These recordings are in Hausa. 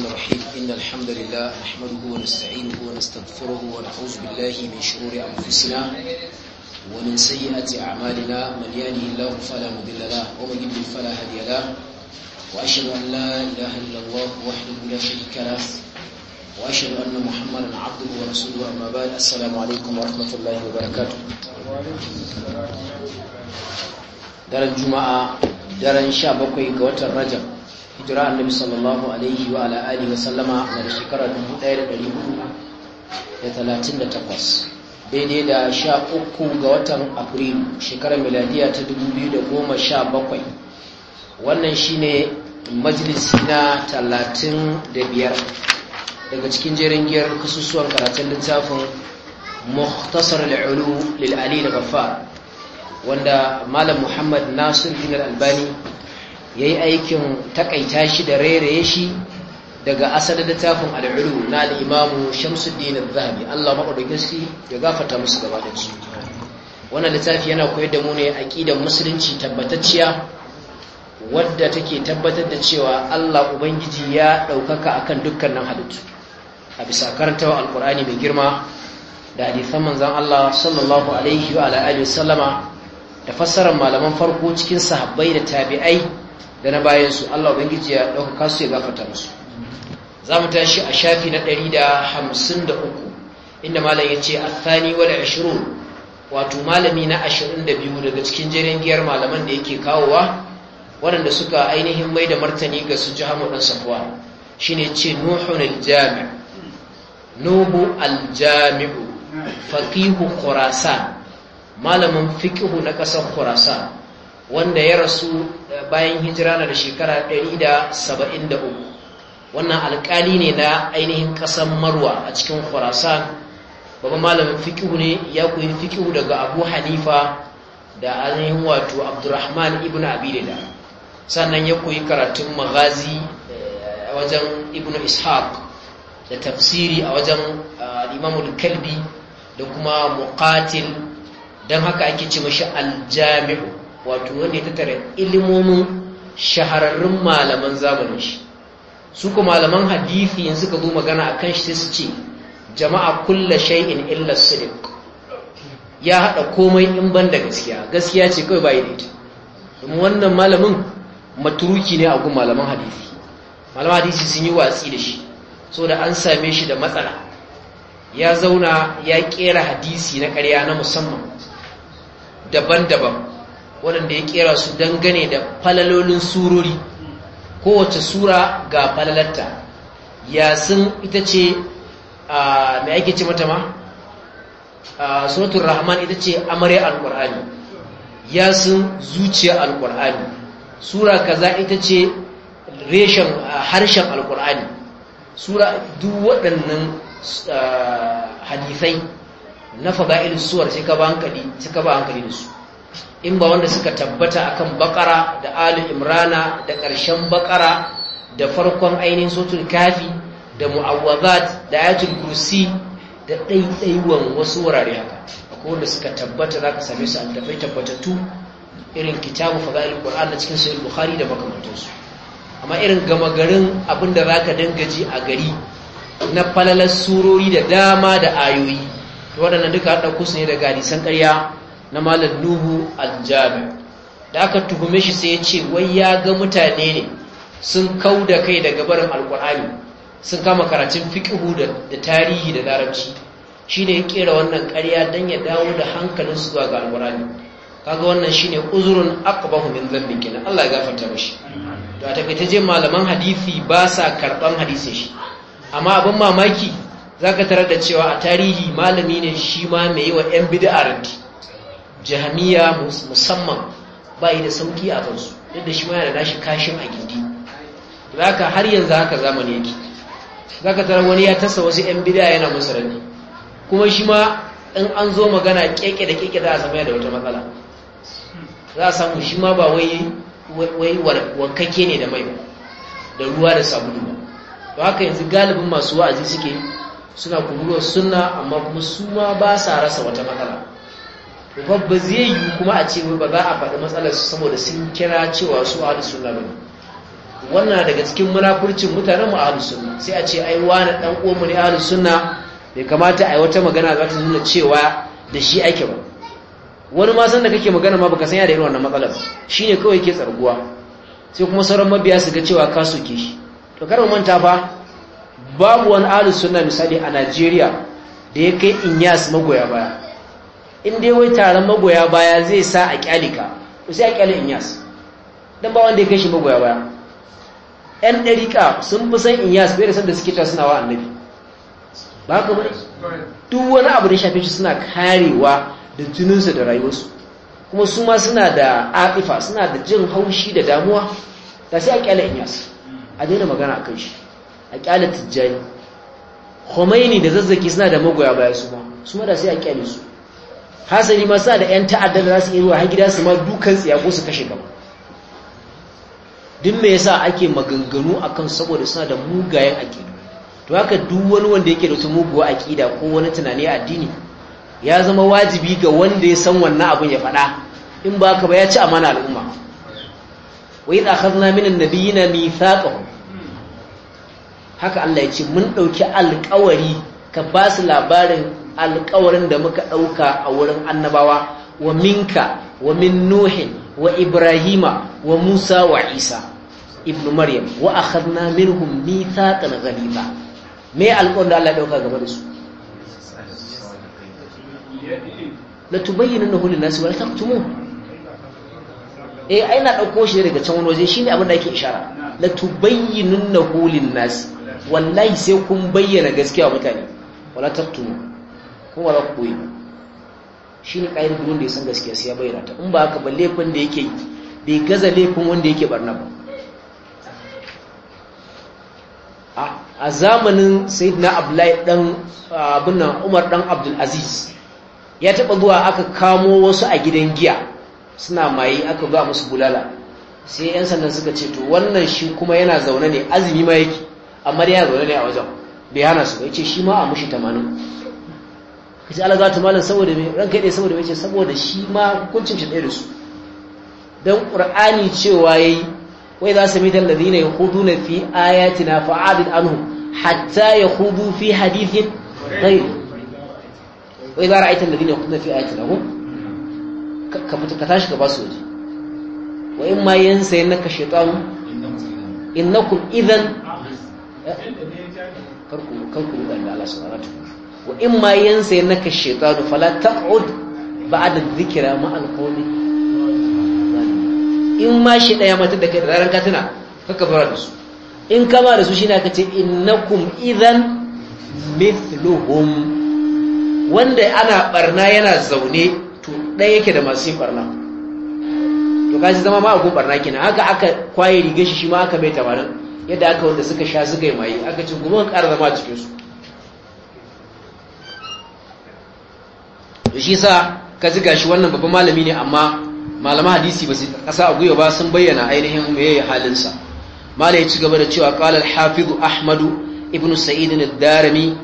الرحمن الرحيم إن الحمد لله نحمده ونستعينه ونستغفره ونعوذ بالله من شرور أنفسنا ومن سيئات أعمالنا من يهده الله فلا مضل له ومن يضلل فلا هادي له وأشهد أن لا إله إلا الله وحده لا شريك له وأشهد أن محمدا عبده ورسوله أما بعد السلام عليكم ورحمة الله وبركاته دار الجمعة دار إن شاء الله ga watan Rajab hijira annabi sallallahu alaihi wa ala alihi wa sallama na shekara 1438 daidai da sha uku ga watan afrilu shekarar miladiya ta 2017 wannan shine majalisi na 35 daga cikin jerin giyar kasusuwan karatun littafin muhtasar al'ulu lil'ali da gaffar wanda malam muhammad nasir bin al'albani ya yi aikin takaita shi da rairaye shi daga asalin littafin al'ulu na al'imamu shamsuddin zahabi Allah maɗaukakin su ya gafata musu da gabatarsu wannan littafi yana koyar da mu ne ƙidan musulunci tabbatacciya wadda take tabbatar da cewa Allah ubangiji ya ɗaukaka a akan dukkanin halittu a bisa karantawa alƙur'ani mai girma da hadisan manzan Allah sallallahu alaihi wa alihi sallama da fassarar malaman farko cikin sahabbai da tabi'ai da na bayan su Allah ubangiji ya dauka su ya gafarta musu za mu tashi a shafi na 153 inda malam ya ce athani wal 20 wato malami na 22 daga cikin jerin giyar malaman da yake kawowa waɗanda suka ainihin mai da martani ga su hamu ɗan safuwa shine ce nuhun aljami Nubu aljami'u Fakihu kurasa malamin fikihu na ƙasar kurasa wanda ya rasu eh, bayan hijira na da shekara 173 wannan alkali ne na ainihin kasan marwa a cikin khurasan babban malamin fikihu ne ya koyi fikihu daga abu hanifa da ainihin wato abdurrahman ibn abidida sannan ya koyi karatun magazi eh, a wajen ibn ishaq da tafsiri a wajen eh, imamul kalbi da kuma muqatil don haka ake ce mashi aljami'u wato wanda ya tattara ilimomin shahararrun malaman zamanin shi su ku malaman hadisi yanzu ka zo magana a kan shi su ce jama'a kulla shay'in illa sidiq ya haɗa komai in ban da gaskiya gaskiya ce kawai bai da ita wannan malamin maturuki ne a gun malaman hadisi malaman hadisi sun yi watsi da shi so da an same shi da matsala ya zauna ya kera hadisi na ƙarya na musamman daban-daban waɗanda ya kera su dangane da falalolin surori kowace sura ga falalarta sun ita ce mai ake ce mata ma suratun rahman ita ce amarya ya sun zuciya alkur'ani sura kaza ita ce reshen harshen alkur'ani sura duk waɗannan hadisai na fada'il suwar suka ba hankali da su in ba wanda suka tabbata akan bakara da ali imrana da ƙarshen bakara da farkon ainihin sotun kafi da mu'awwazat da ayatul kursi da ɗaiɗaiwan wasu wurare haka akwai wanda suka tabbata za ka same su a tafai tabbatattu irin kitabu fada'il qur'an na cikin sahih bukhari da makamantansu amma irin gama garin abinda zaka dinga ji a gari na falalar surori da dama da ayoyi waɗannan duka haɗa kusa ne daga hadisan ƙarya na malam nuhu aljami da aka tuhume shi sai ya ce wai ya ga mutane ne sun kau da kai daga barin alkur'ani sun kama karatun fiƙihu da tarihi da larabci shi ne ya ƙera wannan ƙarya don ya dawo da hankalin hankalinsu zuwa ga alkur'ani kaga wannan shi ne uzurin akabahu min zambin kenan allah ya gafarta mashi to a je malaman hadisi ba sa karɓan hadisin shi amma abin mamaki zaka tarar da cewa a tarihi malami ne shi ma mai yi wa 'yan bid'a radi jahamiya musamman bayi da sauki a kansu yadda shi yana da nashi kashin a gindi za ka har yanzu haka zamani yake za ka tara wani ya tasa wasu 'yan bida yana musu rani kuma shi ma in an zo magana keke da keke za a samu da wata matsala za a samu shi ma ba wai wankake ne da mai da ruwa da sabulu ba to haka yanzu galibin masu wa'azi suke suna kururuwar sunna amma kuma ma ba sa rasa wata matsala kuma ba zai yi kuma a ce ba za a faɗi matsalar su saboda sun kira cewa su ahlus sunna ba. wannan daga cikin munafurcin mutanen mu ahlus sai a ce ai wani dan uwanmu ne bai kamata a yi wata magana za ta nuna cewa da shi ake ba wani ma san da kake magana ma baka san ya da irin wannan matsalar Shi ne kawai ke tsarguwa sai kuma sauran mabiya su ga cewa ka soke shi to kar mu manta fa babu wani ahlus sunna misali a Najeriya da ya kai inyas magoya baya in dai wai taron magoya baya zai sa a kyalika ko sai a kyalin inyas dan ba wanda ya kashi shi magoya baya yan ɗarika sun fi san inyas bai da san da suke ta suna wa annabi ba ka bane duk wani abu da shafe shi suna karewa da tuninsa da rayuwarsu kuma su ma suna da aƙifa, suna da jin haushi da damuwa da sai a kyalin inyas a daina magana a kan shi a kyalin tijjani khomeini da zazzaki suna da magoya baya su ma su ma da sai a kyalin su hasali ma sa da yan ta'adda da za su iya zuwa har gida su ma dukan tsiya ko su kashe gaba duk me yasa ake maganganu akan saboda suna da mugayen aƙidu to haka duk wani wanda yake da wata muguwa aƙida ko wani tunani a addini ya zama wajibi ga wanda ya san wannan abin ya faɗa in ba ka ba ya ci amana al'umma wa idza tsakarna minan nabiyina saƙa. haka Allah ya ce mun ɗauki alƙawari ka ba su labarin alƙawarin da muka ɗauka a wurin annabawa wa minka wa min nuhin wa ibrahima wa musa wa isa ibn maryam wa akhadna minhum mithaqan ghaliza me alƙawarin da Allah ya ɗauka gaba da su la tubayyinahu lin-nasi wa la taqtumuhu eh ai na ɗauko shi daga can wani waje shine abin da ake ishara la tubayyinahu lin-nasi wallahi sai kun bayyana gaskiya mutane wala taqtumuhu kuma za ku shi ne kayan gudun da ya san gaskiya sai ya bayyana ta in ba haka ba laifin da yake yi bai gaza laifin wanda yake barna ba a zamanin na abdullahi ɗan abin umar ɗan abdul aziz ya taɓa zuwa aka kamo wasu a gidan giya suna maye aka ba musu bulala sai 'yan sannan suka ce to wannan shi kuma yana zaune ne azumi ma yake amma ya zaune ne a wajen bai hana su ya ce shi ma a mushi tamanin yace Allah zata malam saboda me ranka dai saboda me yace saboda shi ma hukuncin shi ɗaya da su dan qur'ani cewa yayi wai za su mi dal ladina yakhuduna fi ayatina fa'adid anhum hatta yakhudu fi hadithin ghayr wai za ra'aita ladina yakhuduna fi ayatina hum ka fita ka tashi ka ba su waje wa in ma yansa yanaka shaytanu innakum idan eh? karku karku da Allah subhanahu wa ta'ala wa in ma yansa ya naka shaitanu fala taq'ud ba'da dhikra ma alqawmi in ma shi daya mata da kai ranar ka tana kaka fara da su in kama da su shine aka ce innakum idan mithluhum wanda ana barna yana zaune to ɗaya yake da masu yin barna to kaji zama ma agun barna kenan haka aka kwaye rigar shi shi ma aka mai tamarin yadda aka wanda suka sha suka yi maye aka ce goma ƙara zama su to shi sa ka ziga shi wannan babban malami ne amma malama hadisi ba su kasa a guyo ba sun bayyana ainihin yi halinsa mala ya ci gaba da cewa kalar hafizu ahmadu ibnu sa'id darami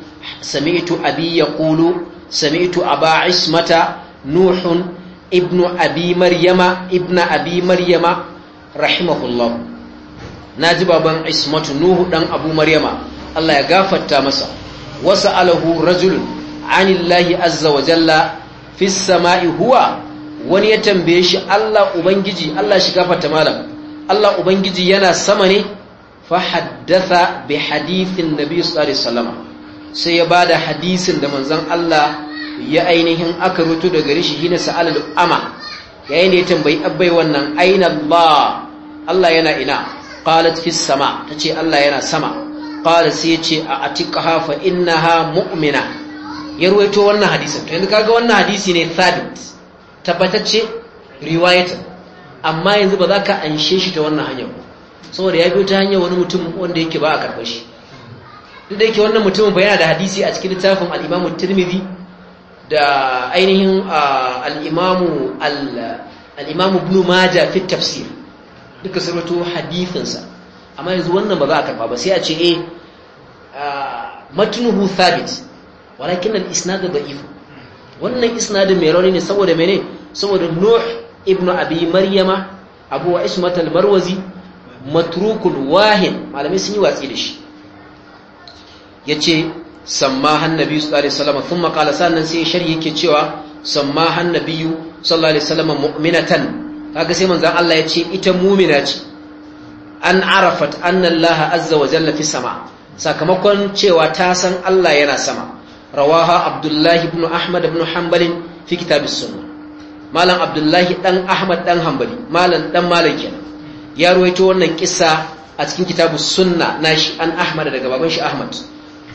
sami sami'tu abi ya yaqulu sami'tu aba ismata nuhun ibnu abi maryama ibnu abi maryama rahimahullah naji baban ismatu nuhu dan abu maryama Allah ya gafarta masa wasa alahu rajulun anillahi azza wa jalla fi sama'i wani ya tambaye shi Allah ubangiji Allah shi gafarta malam Allah ubangiji yana sama ne fa haddatha bi hadithin nabi sallallahu alaihi wasallam sai ya bada hadisin da manzon Allah ya ainihin aka rutu daga rishi hina sa'alul ama yayin da ya tambayi abbai wannan aina Allah Allah yana ina qalat fis sama tace Allah yana sama qala sai ya ce a atiqha fa innaha mu'mina ya ruwaito wannan hadisin to yanzu kaga wannan hadisi ne thabit tabbatacce riwayatan amma yanzu ba za ka anshe shi ta wannan hanyar ba saboda ya biyo ta hanyar wani mutum wanda yake ba a karɓar shi duk da yake wannan mutumin ba yana da hadisi a cikin littafin al-Imam Tirmidhi da ainihin al-Imam al-Imam Ibn Majah fi tafsir duka sun rato hadisinsa amma yanzu wannan ba za a karɓa ba sai a ce eh matnuhu thabit walakin al-isnadu da'if wannan isnadin mai rauni ne saboda mene saboda nuh ibnu abi maryama abu wa ismat al-marwazi matrukul wahin malamai sun yi watsi da shi yace samma hannabi sallallahu alaihi wasallam kuma kala sannan sai sharhi yake cewa samma hannabi sallallahu alaihi wasallam mu'minatan kaga sai manzon Allah yace ita mu'mina ce an arafat anna Allah azza wa jalla fi sama sakamakon cewa ta san Allah yana sama rawaha abdullahi ibn ahmad ibn hanbalin fi kitabis sunna malam abdullahi dan ahmad dan hanbali malam dan malam ya ruwaito wannan kissa a cikin kitabus sunna nashi an ahmad daga baban shi ahmad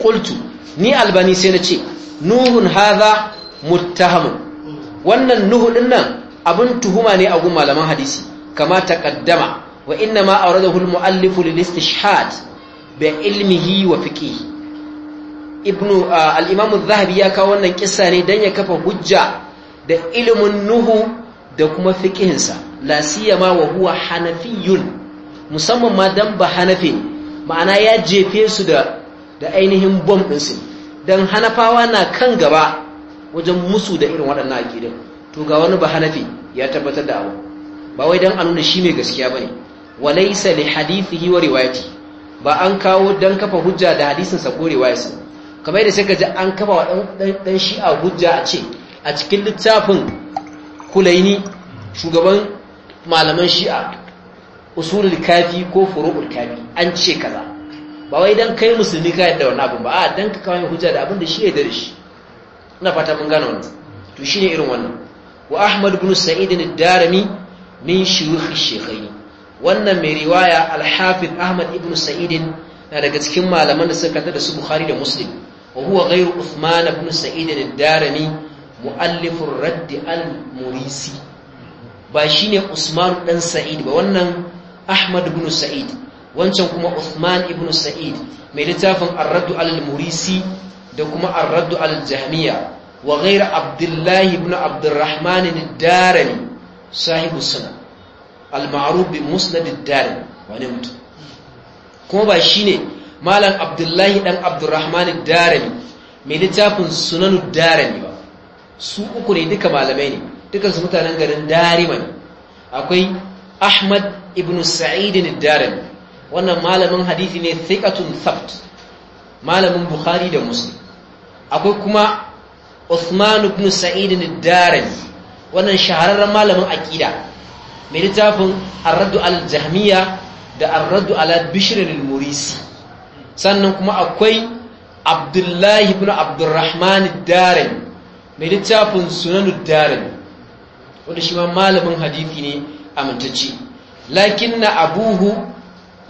qultu ni albani sai na ce nuhun hadha muttahamu wannan nuhu din nan abun tuhuma ne a gun malaman hadisi kama taqaddama wa inna ma awradahu al-muallif lil istishhad bi ilmihi wa fiqihi ibnu uh, al zahabi ya kawo wannan kissa ne dan ya kafa hujja da ilimin nuhu da kuma fiqihinsa la siyama wa huwa hanafiyun musamman ma dan ba hanafi ma'ana ya jefe su da da ainihin bom din su dan hanafawa na kan gaba wajen musu da irin waɗannan akidin to ga wani ba hanafi ya tabbatar da abu ba wai dan a nuna shi mai gaskiya bane walaysa li hadithihi wa riwayati ba an kawo don kafa hujja da hadisin sa ko riwayarsa kamar da sai ka ji an kafa wa ɗan a hujja a ce a cikin littafin kulaini shugaban malaman shi'a usulul kafi ko furu'ul kafi an ce kaza ba wai dan kai musulmi ka yadda wannan abin ba a dan ka kawo hujja da abin da shi ya da shi ina fata mun gane wannan to shine irin wannan wa ahmad ibn sa'id ad-darimi min shuyukh ash-shaykhayn wannan mai riwaya al-hafiz ahmad ibn sa'id na daga cikin malaman da suka da su bukhari da muslim wa huwa ghairu usman ibn sa'id ad-darimi muallif ar-radd al-murisi ba shine usman dan sa'id ba wannan ahmad ibn sa'id wancan kuma usman ibn sa'id mai littafin ar-radd al-murisi da kuma ar-radd al-jahmiya wa ghairu abdullah ibn abdurrahman al kuma ba shine malam abdullahi dan abdurrahman darami mai littafin sunanu darami ba su uku ne duka malamai ne dukansu mutanen garin darima ne akwai ahmad ibn sa'id darami wannan malamin hadithi ne thiqatun thabt malamin bukhari da muslim akwai kuma usman ibn Sa'id al wannan shahararren malamin aqida mai littafin Ar-Radd al-Jahmiyya da Ar-Radd ala Bishr al-Murisi sannan kuma akwai abdullahi ibn abdurrahman darani mai littafin sunanu darani wanda shi ma malamin hadithi ne a amintacci lakin na abuhu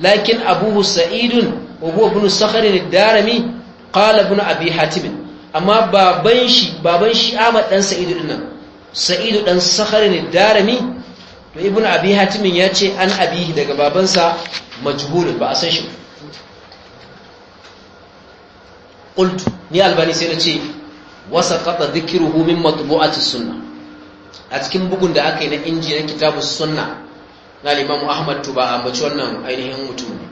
lakin abuhu sa'idun wa huwa ibn sakhr ad-darami qala ibn abi Hatimin. amma baban shi baban shi Ahmad dan sa'idu dinnan sa'idu ɗan sakari ad-darami to ibn abi Hatimin ya ce an abihi daga babansa majhulun ba a san shi ba Ƙultu ni albani sai na ce wasaqata dhikruhu min matbu'ati sunna a cikin bugun da aka yi na inji na kitabus sunna na limamu ahmad tuba ambaci wannan ainihin mutum ne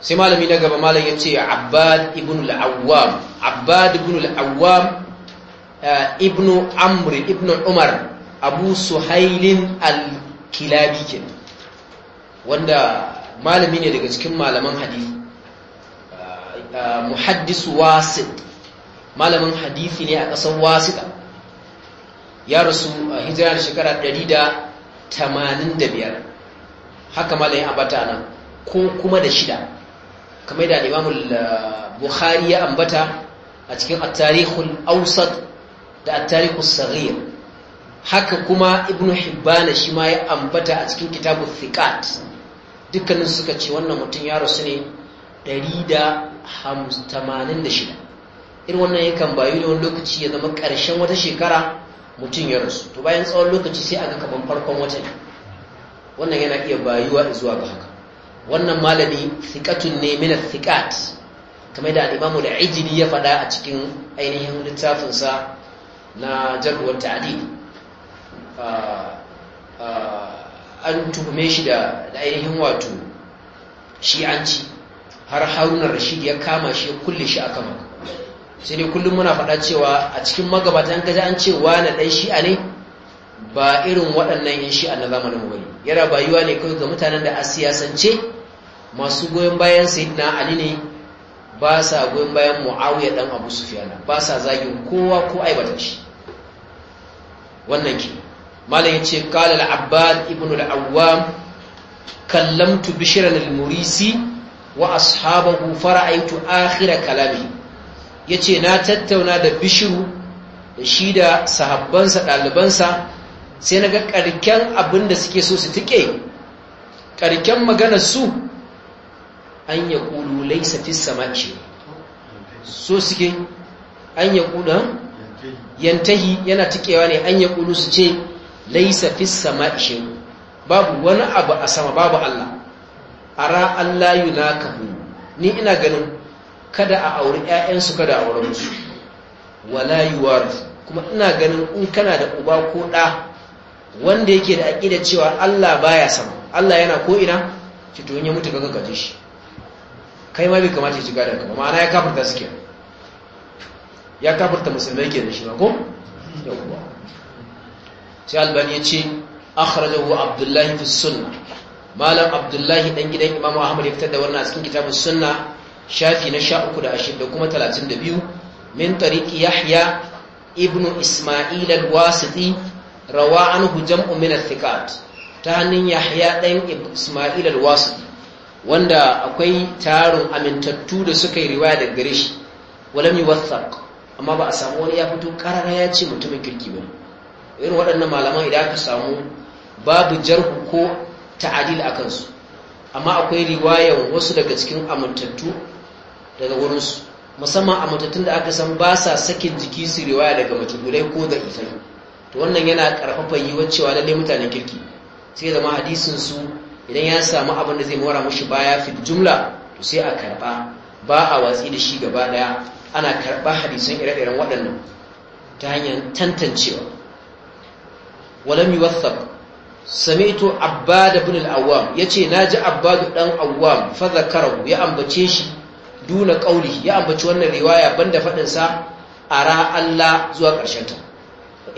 sai malami na gaba malam ya ce abbad ibn al-awwam abbad ibn al-awwam eh, ibn amr ibn umar abu suhailin al-kilabi wanda malami ne daga cikin malaman hadith. muhaddisu wasit malamin hadisi ne a ƙasar wasita ya rasu a hijira da shekara 185 haka malayin ambata nan ko kuma da shida kamar da imamul buhari ya ambata a cikin attarihul ausat da attarihul sarir haka kuma ibn hibbana shi ma ya ambata a cikin kitabun thiqat dukkanin suka ce wannan mutum ya rasu ne da. shida. irin wannan yakan bayu da wani lokaci ya zama ƙarshen wata shekara mutum ya rasu to bayan tsawon lokaci sai aga kaman farkon watan wannan yana iya bayuwa zuwa ga haka wannan malami thiqatun ne min thiqat kamar da al-imamu da ijini ya faɗa a cikin ainihin littafinsa na jarruwar ta'adili an tuhume shi da ainihin wato shi'anci har haruna rashid ya kama shi ya kulle shi aka haka sai dai kullum muna faɗa cewa a cikin magabatan an gaji an ce na ɗan shi'a ne ba irin waɗannan yan shi'a na zamanin wani. yana bayuwa ne kawai ga mutanen da a siyasance masu goyon bayan sayidina ali ne ba sa goyon bayan muawiya dan abu sufiyana ba sa zagin kowa ko aibata shi wannan ke malam yace ce al-abbad ibn al-awwam kallamtu bishran al-murisi wa ashabahu fara'aitu akhira kalami yace na tattauna da bishiru da shi da sahabbansa dalibansa. sai naga karken abin da suke so su tike karken maganar su an ya kulu laysa fis samaki so suke an ya kulu yantahi yana tikewa ne an ya kulu su ce laysa fis samaki babu wani abu a sama babu Allah ara Allah yunakahu ni ina ganin kada a auri ƴaƴansu kada a auri musu wala yuwarith kuma ina ganin in kana da uba ko ɗa wanda yake da da cewa Allah baya sama Allah yana ko ina ci to ya mutu kaga gaje shi kai ma bai kamata ya ci gadon ka ma'ana ya kafirta suke ya kafirta musulmai ke da shi ba ko yawwa sai albani ya ce akhrajahu abdullahi fi sunnah malam abdullahi dan gidan imam ahmad ya fitar da wannan a cikin kitabun sunna shafi na sha uku da ashirin da kuma talatin da biyu. min tariki yahya ibnu isma'il al-wasiti rawa an jam'u umina thikat ta hannun yahya dan isma'il al-wasiti wanda akwai tarin amintattu da suka yi riwaya da gare shi walam wasaq amma ba a samu wani ya fito karara ya ce mutumin kirki ba irin waɗannan malaman idan aka samu babu jarhu ko ta'adil a kansu amma akwai riwaya wasu daga cikin amintattu daga wurinsu musamman amintattun da aka san ba sa sakin jiki su riwaya daga majugulai ko da ita to wannan yana karfafa yiwuwar cewa lallai mutanen kirki sai zama hadisin su idan ya samu abin da zai mora mushi baya fi jumla to sai a karba ba a watsi da shi gaba daya ana karba hadisan ire-iren waɗannan ta hanyar tantancewa walam yuwaththaq sami'tu abbad ibn ya ce yace ji abbad ɗan awwam fa zakarahu ya ambace shi duna qauli ya ambaci wannan riwaya banda faɗin sa ara Allah zuwa karshen ta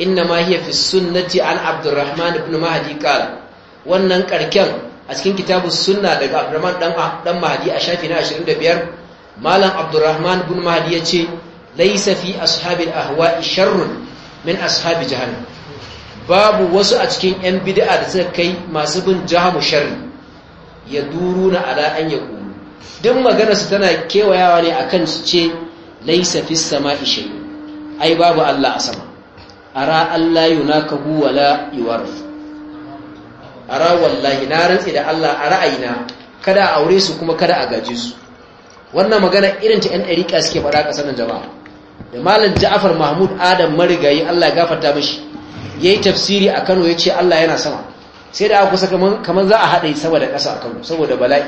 inna ma hiya fi sunnati an abdurrahman ibn mahdi qala wannan karken a cikin kitabus sunna daga abdurrahman dan dan mahdi a shafi na 25 malam abdurrahman ibn mahdi yace laysa fi ashabil ahwa'i sharrun min ashabi jahannam babu wasu a cikin 'yan bid'a da suka kai masu bin jahamu sharri ya duru na ala an ya magana maganarsu tana kewayawa ne akan kan su ce laisa fi sama ishe ai babu Allah a sama ara Allah yunakahu wala yuwarf ara wallahi na rantsi da Allah a ra'ayina kada a aure su kuma kada a gaje su wannan magana irin ta 'yan ɗarika suke faɗa ƙasar jama'a da malam ja'afar mahmud adam marigayi Allah ya gafarta mashi ya yi tafsiri a kano ya ce allah yana sama sai da aka kusa kamar za a haɗe sama da ƙasa a kano saboda bala'i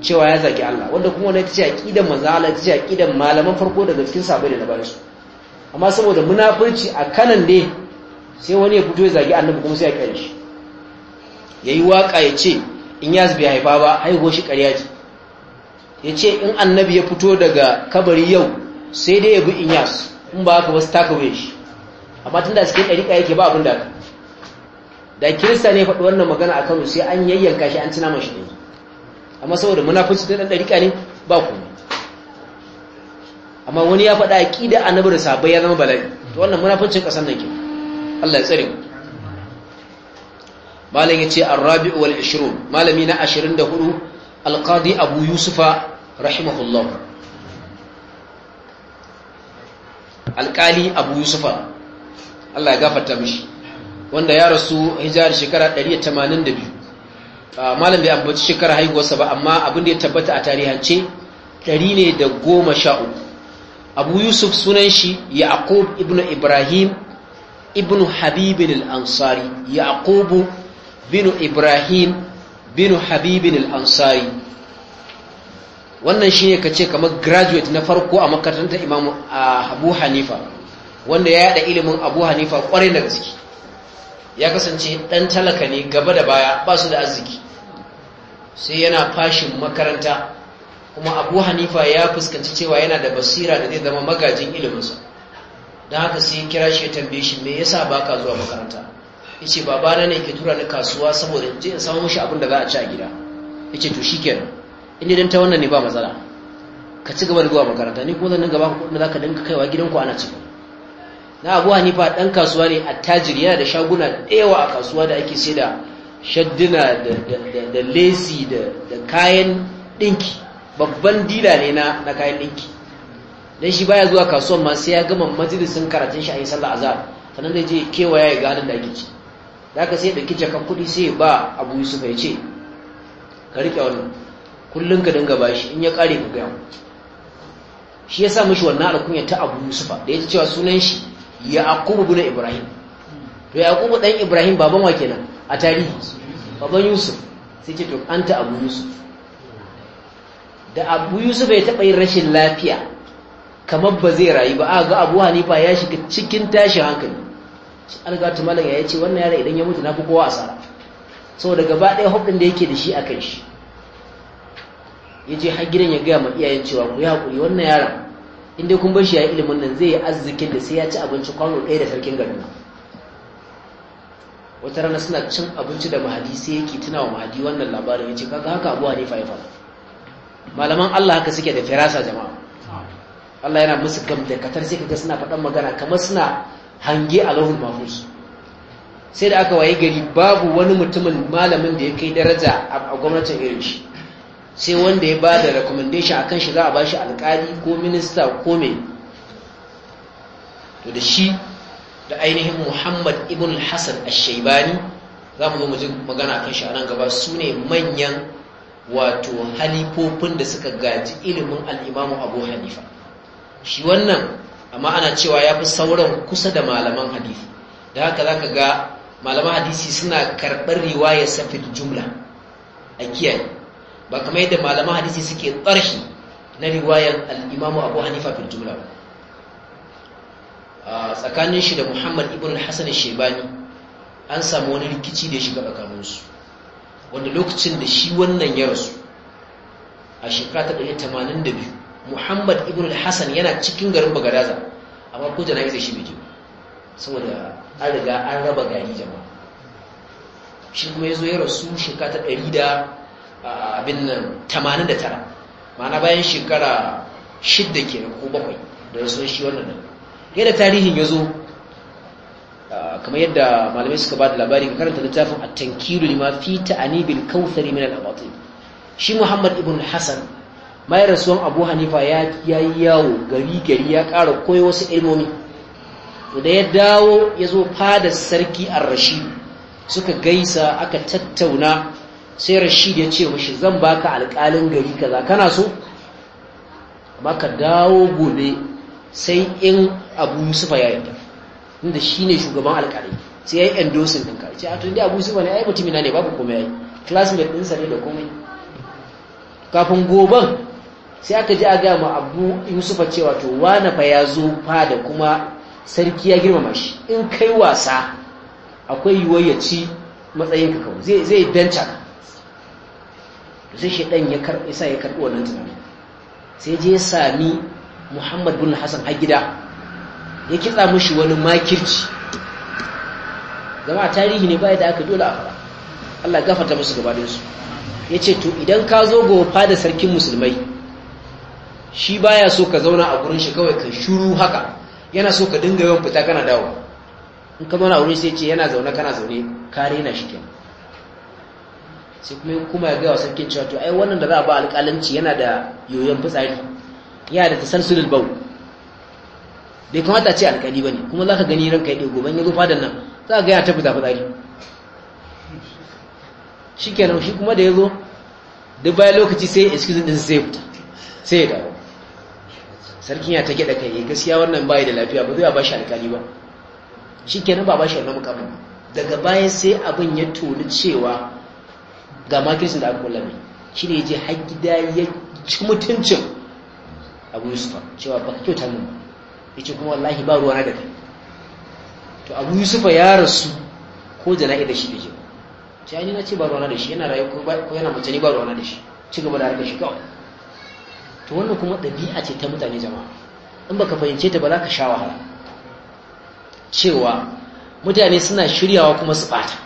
cewa ya zaki allah wanda kuma wani ce maza manzan allah ce ƙidan malaman farko daga cikin sabai da na su amma saboda munafurci a kanan ne sai wani ya fito ya zaki annabi kuma sai ya kare shi ya yi waƙa ya ce in ya bai haifa ba haihuwa shi ƙarya ce ya ce in annabi ya fito daga kabari yau sai dai ya bi inyas in ba haka ba su taka wuyan shi amma tun da cikin ɗariƙa yake ba abin da da kirista ne faɗi wannan magana a kano sai an yayyanka shi an ci naman shi ɗin amma saboda munafunci ta ɗan ɗariƙa ne ba ku amma wani ya faɗa aƙida annabi da sabai ya zama bala'i to wannan munafuncin ƙasar nan ke Allah ya tsare mu malam ce ar Rabi'u wal 20 malami na 24 al-qadi abu yusufa rahimahullah alƙali abu yusufa Allah ya gafarta mishi wanda ya rasu hijar shekara 182 ah, malam bai ambaci shekara haihuwarsa ba amma abin da ya tabbata a tarihance 113 ne da goma sha abu yusuf sunan shi yaqub Ibn ibrahim ibnu habibin al-ansari yaqub bin ibrahim bin habibin al-ansari wannan shine kace kamar graduate na farko a makarantar Imam ah, abu hanifa wanda ya yada ilimin abu hanifa kwarai da gaske ya kasance dan talaka ne gaba da baya ba su da arziki sai yana fashin makaranta kuma abu hanifa ya fuskanci cewa yana da basira da zai zama magajin iliminsa don haka sai kira shi ya tambaye shi me yasa baka zuwa makaranta yace babana ne ke tura ni kasuwa saboda je in samu mishi abin da za a ci a gida yace to shikenan inda dan ta wannan ne ba matsala ka ci gaba da zuwa makaranta ni kuma zan dinga ba ku kuɗin da zaka dinga kaiwa gidanku ana ci na abu hanifa ɗan kasuwa ne a attajiri yana da shaguna da a kasuwa da ake sai da shadduna da lesi da kayan ɗinki babban dila ne na kayan ɗinki don shi baya zuwa kasuwan ma sai ya gama majalisun karatun shi a yi sallah a zaɓa, sannan zai je kewa ya yi ganin da ake ci da aka sai ɗauki jakan kuɗi sai ba abu yusuf ya ce ka riƙe wani, kullum ka dinga bashi in ya kare ka gaya shi ya sa mishi wannan alkunya ta abu yusufa da ya ce cewa sunan shi yaqubu ibn ibrahim to yaqubu dan ibrahim baban wa kenan a tarihi baban yusuf sai ce to anta abu yusuf da abu yusuf ya taba yin rashin lafiya kamar ba zai rayu ba a ga abu hanifa ya shiga cikin tashin hankali shi algatu ya ce wannan yaron idan ya mutu na fi kowa asara da gaba ɗaya hukun da yake da shi a kan shi ya ce har gidan ya gaya ma iyayen cewa ku ya haƙuri wannan yaron. inda kun bashi ya yi ilimin nan zai yi arzikin da sai ya ci abinci kwano ɗaya da sarkin garin nan wata rana suna cin abinci da mahadi sai yake tuna wa mahadi wannan labarin ya ce kaga haka abuwa ne fa malaman Allah haka suke da firasa jama'a Allah yana musu gam da katar sai kaga suna faɗan magana kamar suna hange a lahul mafus sai da aka waye gari babu wani mutumin malamin da ya kai daraja a gwamnatin irin shi sai wanda ya ba da recommendation akan shi za a ba shi alkali ko minista ko mai to da shi da ainihin muhammad ibn hassan ashaibani za mu zo magana akan shi a nan gaba su ne manyan wato halifofin da suka gaji ilimin al'imamu abu hanifa shi wannan amma ana cewa ya fi sauran kusa da malaman hadisi da haka za ka ga malaman hadisi suna karɓar riwayar safin jumla a kiyaye ba kamar yadda malaman hadisi suke tsarshi na riwayan al'imamu abu hanifa fil jumla ba ah, tsakanin shi da muhammad ibn hassan shebani an samu wani rikici da ya shiga tsakaninsu wanda lokacin da shi wannan ya rasu a shekara ta biyu, muhammad ibn hassan yana cikin garin bagadaza amma ko jana'izar shi bai je saboda an riga an raba gari jama'a shi kuma ya zo ya rasu shekara ta abin nan 89 ma'ana bayan shekara shidda ke ko bakwai da rasuwar shi wannan nan yadda tarihin ya zo kamar yadda malamai suka ba da labari karanta littafin a tankiru lima fi bil kautsari min al shi muhammad ibn hassan mai rasuwan abu hanifa ya yi yawo gari gari ya ƙara koyo wasu ilmomi da ya dawo ya zo fada sarki ar-rashid suka gaisa aka tattauna sai rashid ya ce mashi zan baka alƙalin gari kaza kana so baka ka dawo gobe sai in abu yusufa ya yarda inda shi ne shugaban alƙalai sai ya yi endosin ɗinka ce a tun abu yusufa ne ai mutumina ne babu komai yi classmate ɗinsa ne da komai kafin goban sai aka ji a gama abu yusufa cewa to wane fa ya zo fa da kuma sarki ya girmama shi in kai wasa akwai yiwuwar ya ci matsayin kawai zai danta shi ɗan ya sa ya karɓi wannan tunani sai je ya sami muhammad bin hassan a gida ya kitsa mushi wani makirci zama tarihi ne bai da aka dole a fara Allah gafarta musu gabaninsu ya ce to idan ka zo gofa da sarkin musulmai shi baya so ka zauna a gurin shi kawai ka shuru haka yana so ka dinga yawan fita kana dawo in ka zauna a wurin sai ce yana zaune kana zaune ka rena shi kenan sai kuma ya gaya wa sarkin cewa to ai wannan da za a ba alƙalanci yana da yoyon fitsari yana da ta tasalsulul bau bai kamata ce alƙali ba ne kuma za ka gani ranka ya gobe ya zo fadar nan za a gaya ta fita fitsari shikenan shi kuma da ya zo duk bayan lokaci sai excuse din sai fita sai ya dawo sarkin ya ta gida kai eh, gaskiya wannan bayi da lafiya ba zai ba shi alƙali ba shikenan ba ba shi alƙali ba daga baya sai abin ya toni cewa ga makircin da aka kulla shi ne je har gida ya ci mutuncin abu yusufa cewa ba ta nuna ya ce kuma wallahi ba ruwa na da kai to abu yusufa ya rasu ko jana'i da shi da ke ta ni na ce ba ruwa na da shi yana rayu ko yana mace ne ba ruwa na da shi ci gaba da harkar shi kawai to wannan kuma ɗabi'a ce ta mutane jama'a in baka fahimce ta ba za ka sha wahala cewa mutane suna shiryawa kuma su ɓata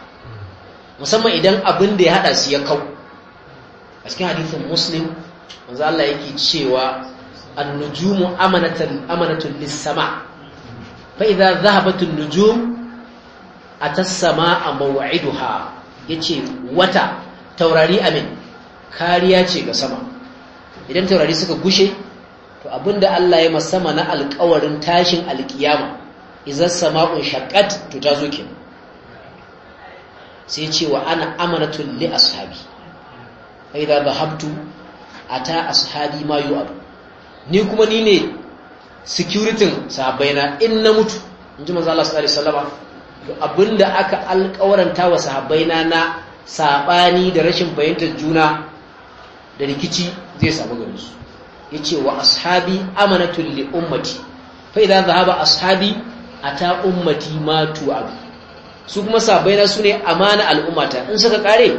musamman idan abin da ya hada su ya kau a cikin hadithin muslim wanzu Allah yake cewa an-nujumu amanatan amanatun lis-sama fa idza ta sama nujum atas maw'iduha yace wata taurari amin kariya ce ga sama idan taurari suka gushe to abinda Allah ya masama na alƙawarin tashin alƙiyama idan sama'un shaqqat to ta zo kenan sai ce wa ana amanatun li ashabi ai da zahabtu ta ashabi ma abu. ni kuma ni ne securitin sahabbaina in na mutu in ji maza Allah sallallahu abin abinda aka alkawaranta wa sahabbaina na sabani da rashin fahimtar juna da rikici zai samu gare su ce wa ashabi amanatun li ummati fa idza zahaba ashabi ta ummati ma abu. su kuma sabaina su ne amana al'ummata in suka kare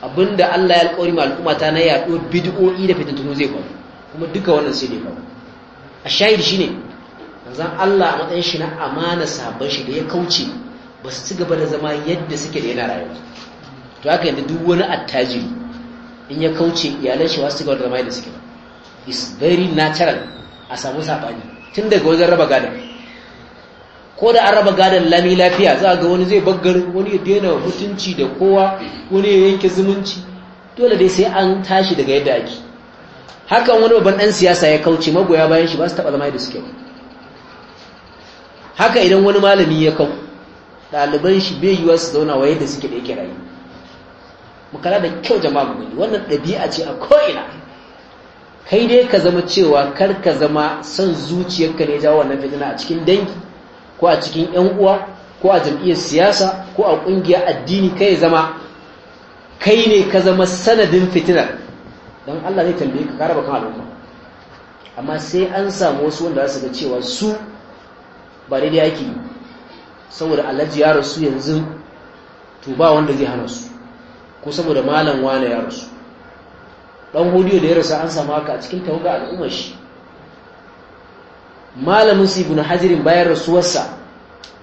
abinda Allah ya alƙawari ma al'ummata na yaɗo bid'o'i da fitintunu zai faru kuma duka wannan sai ne faru a shahid shine manzon Allah a matsayin shi na amana sabai shi da ya kauce ba su ci gaba da zama yadda suke da yana rayuwa to haka yadda duk wani attajiri in ya kauce iyalan shi ba su ci gaba da zama yadda suke ba is very natural a samu sabani tun daga wajen raba gadon ko da an raba gadon lami lafiya za ga wani zai baggarin wani ya daina mutunci da kowa wani ya yanke zumunci dole dai sai an tashi daga yadda ake hakan wani babban ɗan siyasa ya kauce magoya bayan shi ba su taɓa zama da suke ba haka idan wani malami ya kau ɗaliban shi bai yiwuwa su zauna wa yadda suke da yake rayu kala da kyau jama'a gani wannan ɗabi'a ce a ko'ina kai dai ka zama cewa kar ka zama son zuciyarka ne jawo wannan fitina a cikin dangi ko a cikin 'yan uwa ko a jam'iyyar siyasa ko a ƙungiyar addini kai zama kai ne ka zama sanadin fitinar don Allah zai tambaye ka karaba kan al'umma amma sai an samu wasu wanda za su ga cewa su ba daidai ake yi saboda alhaji ya rasu yanzu to ba wanda zai hana su ko saboda malam wane ya rasu dan hodiyo da ya rasu an samu haka a cikin tawaga al'ummar shi malamin su ibn hajirin bayan rasuwarsa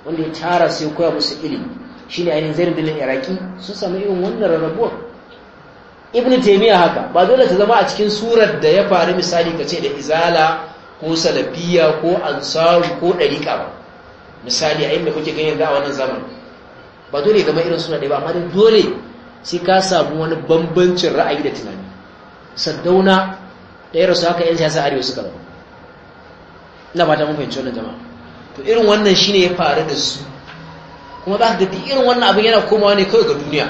wanda ya tara su ya koya musu ilimi shine ainihin zainab bin iraki sun samu irin wannan rarrabuwar ibn taymiya haka ba dole ta zama a cikin surar da ya faru misali ka ce da izala ko salafiya ko ansaru ko dariqa ba misali a inda kuke ganin da a wannan zaman ba dole gama irin suna da ba amma dole sai ka samu wani bambancin ra'ayi da tunani saddauna da ya rasu haka yan siyasa arewa suka rabu ina ba ta mun fahimci wannan jama'a to irin wannan shine ya faru da su kuma za ka ga irin wannan abin yana komawa ne kawai ga duniya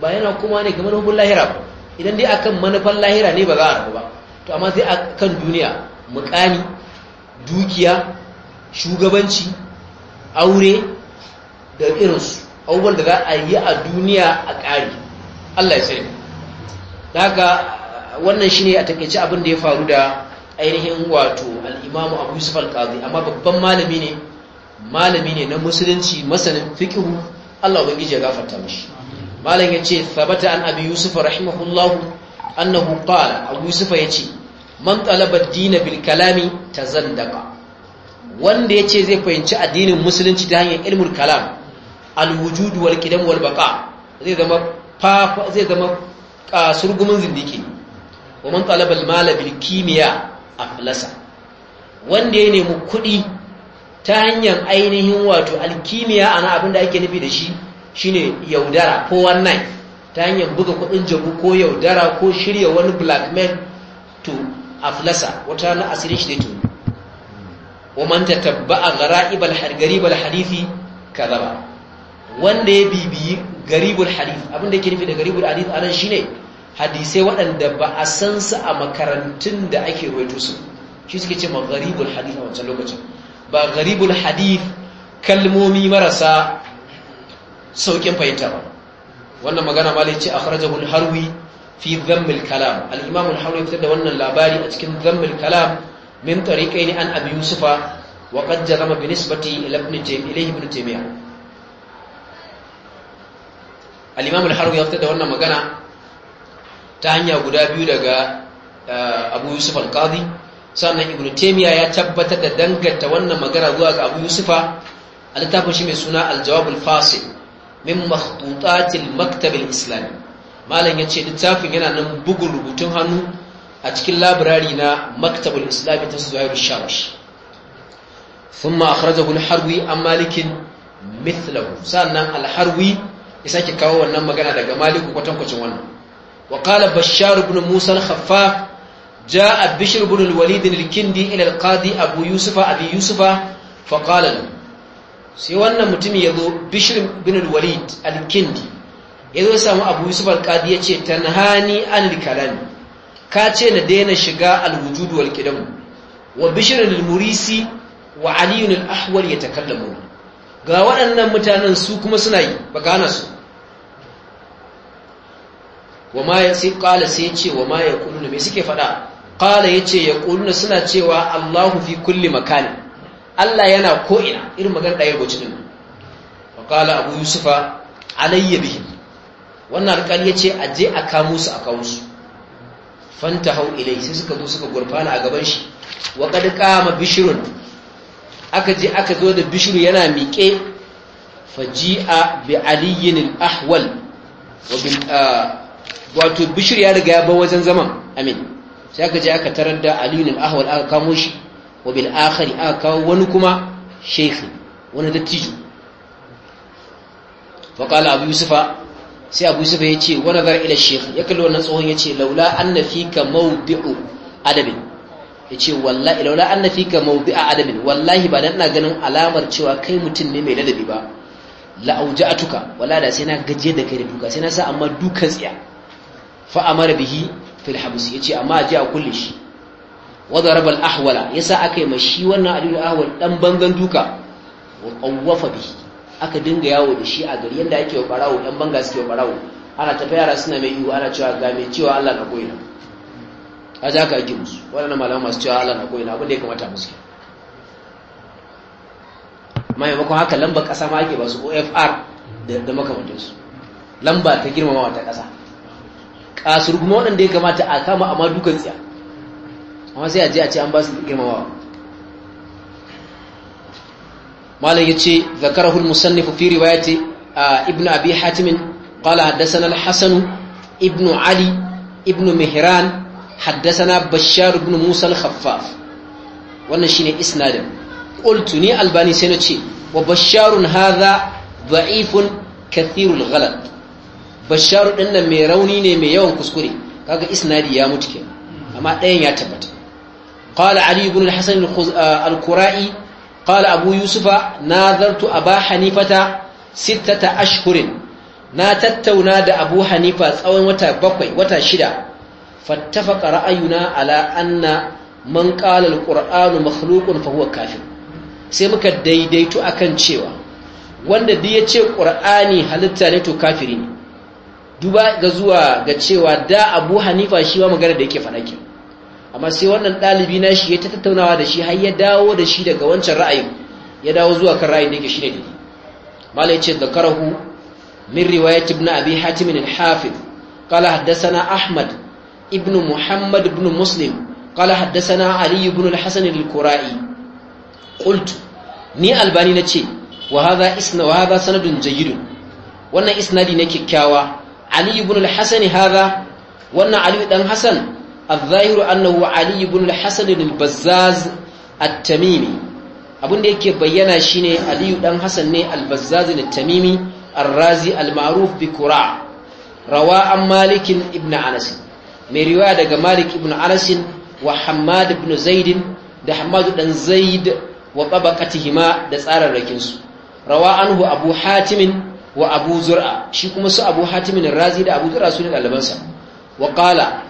ba yana komawa ne ga hukun lahira ba idan dai akan manufan lahira ne ba za a rabu ba to amma sai akan duniya mukami dukiya shugabanci aure da irinsu abubuwan da za a yi a duniya a ƙari Allah ya Da daga wannan shine a takaice abin da ya faru da ainihin wato al'imamu abu yusuf al-qadi amma babban malami ne malami ne na musulunci masanin fiqhu Allah ubangiji ya gafarta mishi malam yace sabata an abu yusuf rahimahullahu annahu qala abu yusuf yace man talaba dina din bil kalami tazandaqa wanda yace zai fahimci addinin musulunci ta hanyar ilmul kalam al-wujud wal qidam wal baqa zai zama zai zama kasurgumin ah, zindiki wa man talaba al-mala bil kimiyya akhlasa wanda ya nemi kuɗi ta hanyar ainihin wato alkimiya ana abin da ake nufi da shi shine yaudara ko wannan ta hanyar buga kuɗin jabu ko yaudara ko shirya wani blackmail to aflasa wata na asirin shi da tuni wa man tatabba'a gara'ibal hargaribal ka zaba wanda ya bibiyi garibul harif abin da nufi da garibul hadith anan shine hadisai waɗanda ba a san su a makarantun da ake ruwaito su shi suke ce ma gharibul hadith a wancan lokacin ba gharibul hadith kalmomi marasa saukin fahimta ba wannan magana ma ce a farajahul harwi fi zammil kalam al-imam al-harwi fitar da wannan labari a cikin zammil kalam min ne an abi yusufa wa qad jarama bi nisbati ila ibn taymiyyah ibn taymiyyah al harwi ya fitar da wannan magana ta hanya guda biyu daga eh, abu yusuf al sannan ibnu taymiya ya tabbatar da danganta wannan magana zuwa ga abu yusufa a littafin shi mai suna aljawabul jawab fasil min makhtutat al-maktab al-islami malam yace littafin yana nan bugun rubutun hannu a cikin labirari na maktab islam islami ta zuwa al-shawash thumma akhrajahu al-harwi an malikin mithlahu sannan alharwi ya sake kawo wannan magana daga maliku kwatankwacin wannan وقال بشار بن موسى الخفاف جاء بشر بن الوليد الكندي إلى القاضي أبو يوسف أبي يوسف فقال له سيوانا متمي يذو بشر بن الوليد الكندي يذو سامو أبو يوسف القاضي يتشي تنهاني عن الكلام كاتشي ندين شقاء الوجود والكلام وبشر المريسي وعلي الأحول يتكلمون ga waɗannan mutanen su kuma suna yi ba gana su wa ma ya sai kala sai ce wa ma yaquluna me suke fada qala yace yaquluna suna cewa Allahu fi kulli makani Allah yana ko ina irin magana da yabo din wa kala Abu Yusufa alayya bihi wannan alƙal yace je a kamo su a kawo su hau ilai sai suka zo suka gurfana a gaban shi wa qad qama bishrun aka je aka zo da bishiru yana miƙe faji'a bi aliyin al-ahwal wa bil ah, wato bishir ya riga ya bar wajen zaman amin sai aka je aka tarar da aliyun al-ahwal aka kamo shi wa bil akhari aka kawo wani kuma sheikhi. wani dattijo fa qala abu yusufa sai abu yusufa yace wa nazar ila sheikh ya kalli wannan tsohon yace laula anna fika mawdi'u adabin yace wallahi laula anna fika mawdi'a adabin wallahi ba dan ina ganin alamar cewa kai mutum ne mai ladabi ba la auja'atuka wala da sai na gaje da kai da duka sai na sa amma dukan tsiya fa amara bihi fil habsi yace amma ji a kulle shi wada rabal ahwala yasa aka yi mashi wannan adil ahwal dan bangan duka wa qawwafa bihi aka dinga yawo da shi a gari yanda yake wa barawo dan banga suke wa barawo ana tafi yara suna mai yiwu ana cewa ga mai cewa Allah na koyi na kaje aka gi musu waɗannan malaman masu cewa Allah na koyi na abin da ya kamata musu ke amma maimakon haka lamba ƙasa ma ake ba su OFR da makamantansu lamba ta girmama wata ƙasa a su ruguma waɗanda ya kamata a kama amma dukan tsiya amma sai a je a ce an ba su girmamawa malam yace zakarahu al-musannif fi riwayati ibnu abi hatim qala haddathana al-hasan ibnu ali ibnu mihran haddathana bashar ibn musa al-khaffaf wannan shine isnadin qultu ni albani sai ce wa basharun hadha da'ifun kathirul ghalat basharu din nan mai rauni ne mai yawan kuskure kaga isnadi ya mutu ke. amma ɗayan ya tabbata qala ali ibn al-hasan uh, al-qura'i qala abu yusufa nazartu aba hanifata sittata ashhurin na tattauna da abu hanifa tsawon wata bakwai wata shida fattafaqa ra'ayuna ala anna man qala al-qur'anu makhluqun fa huwa kafir sai muka daidaito akan cewa wanda duk yace qur'ani halitta ne to kafiri ne duba ga zuwa ga cewa da abu hanifa shi wa magana da yake fanakin amma sai wannan ɗalibi na shi ya ta tattaunawa da shi har ya dawo da shi daga wancan ra'ayin ya dawo zuwa kan ra'ayin da yake shi ne dini malai ce da karahu min riwayat ibn abi hatim al-hafiz qala haddathana ahmad ibn muhammad ibn muslim qala haddathana ali ibn al-hasan al-qura'i ni albani nace wa hadha isna wa hadha sanadun jayyid wannan isnadi ne kikkiawa ali ibn al-hasan wannan ali dan hasan al-zahiru annahu ali ibn al-hasan al-bazzaz at-tamimi abin da yake bayyana shine ali dan hasan ne al-bazzaz al-tamimi ar-razi al-ma'ruf bi qura rawa an malik ibn anas mai riwaya daga malik ibn anas wa hammad ibn zaid da hammad dan zaid wa hima da tsararrakin su rawa anhu abu hatim wa abu zura shi kuma su abu hatimin razi da abu zura su ne ɗalibansa wa ƙala